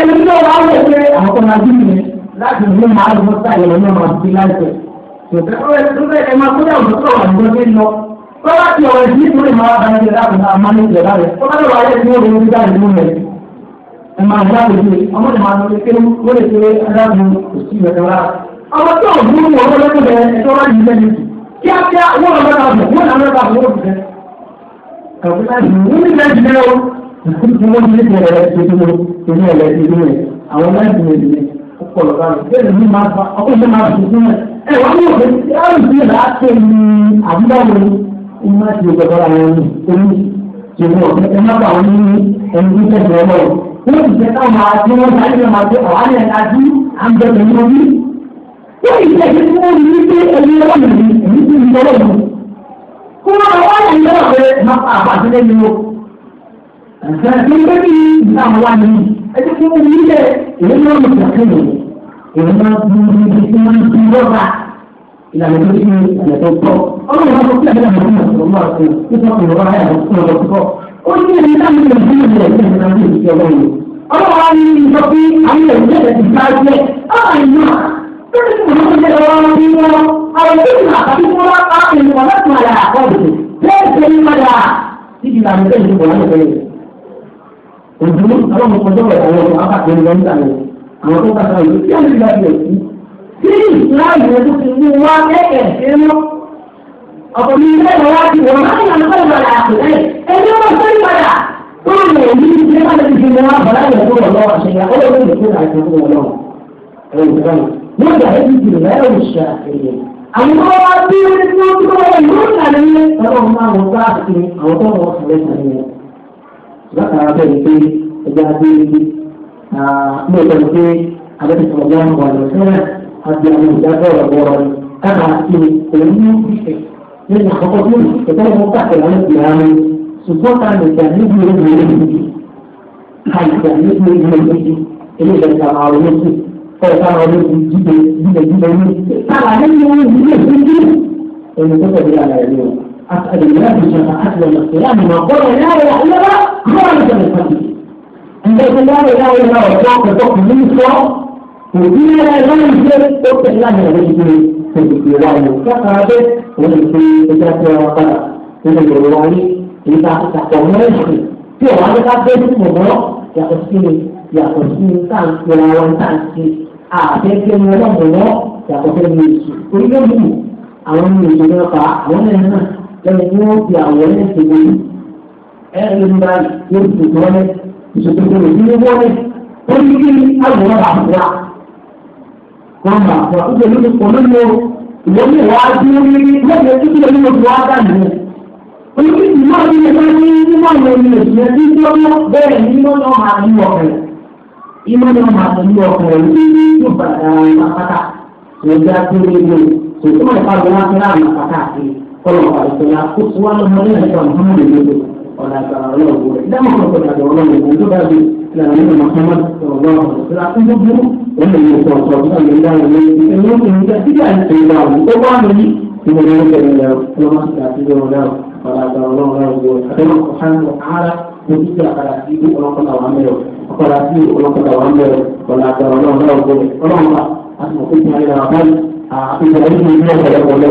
ẹni tí ó wàá wọ̀ pé àwọn ọmọdé mi láti ní màá lọ sáyẹn lọ́nà ọmọdé láìpẹ́ ṣùgbọ́n ẹ máa kúrẹ́ ọ̀dọ́ tó wà nígbàgbé lọ tọ́lá ti ọ̀rọ̀ ìdílé tó lè máa bá ẹni láti máa máa ní ìjọba rẹ̀ tọ́lá lè wáyé ní orí orí dáre mú rẹ̀ ẹ máa gbá lójú ọmọ ìmọ̀ àwọn ọmọdé kéwú ó lè ṣe adágún òsì ìrẹ̀lẹ̀ rárá ọmọ tó ń mú wọn lọ́dún rẹ̀ ẹjọ́ wá yìí lẹ́nu kíákíá wọ́n lọ́dún àbọ̀ wọ́n lọ́dún àbọ̀ wọ́n lọ́dún rẹ̀ kàwé láti mú ní ìkúrú tí wọ́n ní ìpínlẹ̀ rẹ̀ ṣe dúró ìpínlẹ̀ rẹ̀ ṣe dúró àwọn láìpẹ́ rẹ̀ ṣe ọpọlọ láàrin bẹ́ẹ̀ ni máa fa ọpọlọ máa fi fún ẹ ẹ wọ́n ní òfin tí a lè fi rà á pé ní àbúdáwò ní má ti gbọdọ̀ ara ẹni omi ṣe wọ́n ẹ má bà wọ́n ní ẹni tó tẹ̀sí ọmọ rẹ̀ wọ́n ti jẹ́ káwọn máa tí wọ́n máa ń yẹ tó àwọn àlẹ́ Ìgbàgbé bí àwọn wà ní ẹjọ́ tí wọ́n yí lẹ̀ èyí náà lè tẹ̀sí lò. Èyí máa ń bu ibi tí wọ́n ti rọ́bà. Ìlànà tó ti ìlànà tó tọ́. Ọlọ́run máa ń fi àgbẹ̀ àwọn ọmọ ọ̀sán máa ṣe nípa ìrọ̀lá àyà fún ọ̀rọ̀ tó tọ́. Ó ní ẹni táwọn ènìyàn ti ń bẹ̀rẹ̀ sí ìrìnà ní ìṣẹ́ ọlọ́run. Ọlọ́run wa ní ìjọ pé àwọn ènìyàn ti bá jẹ́ ọ̀hánìyàn. Tó ní kí wọ́n ti lọ́wọ́ òdúró àwọn ọmọkọjọ rẹ ọwọ́ rẹ apàtẹ ní lọńdà rẹ àwọn tó kàkà yìí kí ẹni gba ilẹ̀ sí. tí ìsìláàmù rẹ tó ti mú wá lẹ́kẹ̀ ṣe mú ọ̀pọ̀ mi ilé ìwọ wá ti wọ̀n láti yàn lọ́kọ̀ ìbàdà àtìlẹ́yìn ẹni wọ́n tó ìbàdà tó lè ní ilé má lẹ́bi fi mú wá bàlá ìyẹn tó wọ̀ lọ́wọ́ àṣẹ yàtọ̀ lọ́wọ́ ìyẹn tó láti tó wọ̀ lọ́wọ́ àwọn ọmọ wa bí wọn ti wọn tó wọn yóò tẹ̀lé àwọn ọmọ àwọn ọmọ àti àwọn tó wọn tẹ̀lé tẹ̀lé látara bẹ́ẹ̀ ni pé ẹja dé ní ọjọ́ pé abẹ́tẹ̀sọ̀ ọgbà ń wà lọ́sẹ̀rẹ̀ àti àwọn ìdájọ́ ọ̀rọ̀ ọ̀rọ̀ kára sí òun ní ìfẹ́ nínú àkọ́kọ́ tó ìfẹ́ mọ́ pàtẹ́ láwọn ìgbà rẹ̀ ṣùgbọ́n ká lè jà níbi ìwé ìwé ìwé ká lè jà níbi ìwé ìwé ilé ìgbà àwọn olóṣù ọ̀rọ̀ àwọn olóṣù jíde jíde jíde ní. kára nínú ìwé ìwé ìwé ìwé أسأل الله بالشفاعة والاغفران وقل لا إله إلا الله خالصا من قلبي أن تقول لا إله إلا الله وتوقف توقف من سوء ودين لا إله إلا الله توقف الله إلى وجهه في الله كفى به ولكي إجابة وقال من الله إذا تحتونا يحكي في هذا كافي مبروك يا أسكين يا أسكين تان يا وان تان سي أعتقد أن هذا مبروك يا أسكين يسوع كل يوم àwọn ohun èlò náà pa àwọn ẹ̀rọ náà lẹ́nu tí wọ́n fi àwọn ẹlẹ́sẹ̀ lórí ẹ̀rọ ń bá yóò fi tó wọlé ìṣòro tó lè ní wọlé ó ní kí àwòrán bá fún wa wọ́n bá fún wa ó lè lóko pọ̀ lóko ìwọ́n mi wá sí orí lọ́sẹ̀ tó ti lè ní oṣù wá dà nù. Olùkí ti máa ní ẹgbẹ́ ní mímọ́ ìwé ni èsì ẹbí tí ó lọ bẹ́ẹ̀ ní mímọ́ náà máa ní ọ̀rẹ́. Ìmọ̀ náà máa ní ọ̀rẹ́ ní yóò bàtà àwọn àpáta. Ìwọ́n já sí orí ìwé. Sòtúmọ̀ ìpàdé wọn ti rà àwọn àpáta àti kọlọmọ àìsàn kó tí wọn lọ ní ẹ̀ka nǹkan lè lò ọ̀nà àgbàrá ọlọ́ọ̀gbọ́ rẹ̀ dáhùn kan kọjá lọ ọlọ́ọ̀gbọ́ rẹ̀ tó bá di ìlànà nínú Muhammad ọ̀gbọ́n ọ̀sán akúndógún wọn lè lò pọ̀ ọ̀sán ọ̀sán lè dá wọn lé ẹni wọn kò ní ká síbi àìsè ìgbà wọn tó bá wọn yí ìwọ ni wọn kẹrin lọ ọlọ́mọ àti àtijọ́ wọn náà ọ̀nà àgbàrá ọlọ́ọ̀gbọ́ rẹ̀ àdéhùn kọ̀ọ̀kan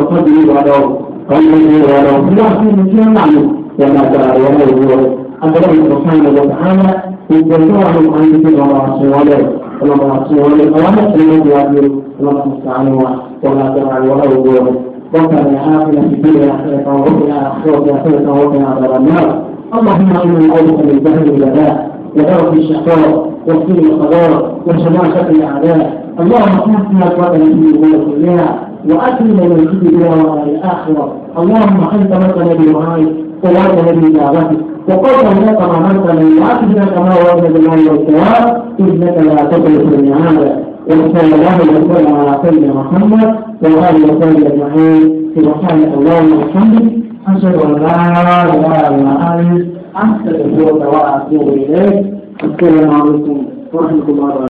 kọ̀ọ̀kan àti والذي ولو يحكم فيها معلوم كما ترى يوم الظهور أمره سبحانه وتعالى يتبعه عن ذكر الله سبحانه الله سبحانه الأوامر التي يأمر الله سبحانه ولا ترى ولا ظهور وكان آخر في الدنيا آخرة وقنا آخرة آخرة وقنا عذاب النار اللهم إنا نعوذ من جهل البلاء ودرك الشقاء وسوء القضاء وشماتة الأعداء اللهم احفظنا وقنا في الدنيا وأتم من إلى الآخرة اللهم أنت مثل بدعائك ووعد بدعوتك وقولا كما مثلا وأتنا كما وعد بالله والثواب إنك لا تخلف الميعاد وصلى الله وسلم على سيدنا محمد وعلى اله وصحبه أجمعين سبحانك اللهم وبحمدك أشهد أن لا إله إلا أنت أستغفرك وأتوب إليك السلام عليكم ورحمة الله وبركاته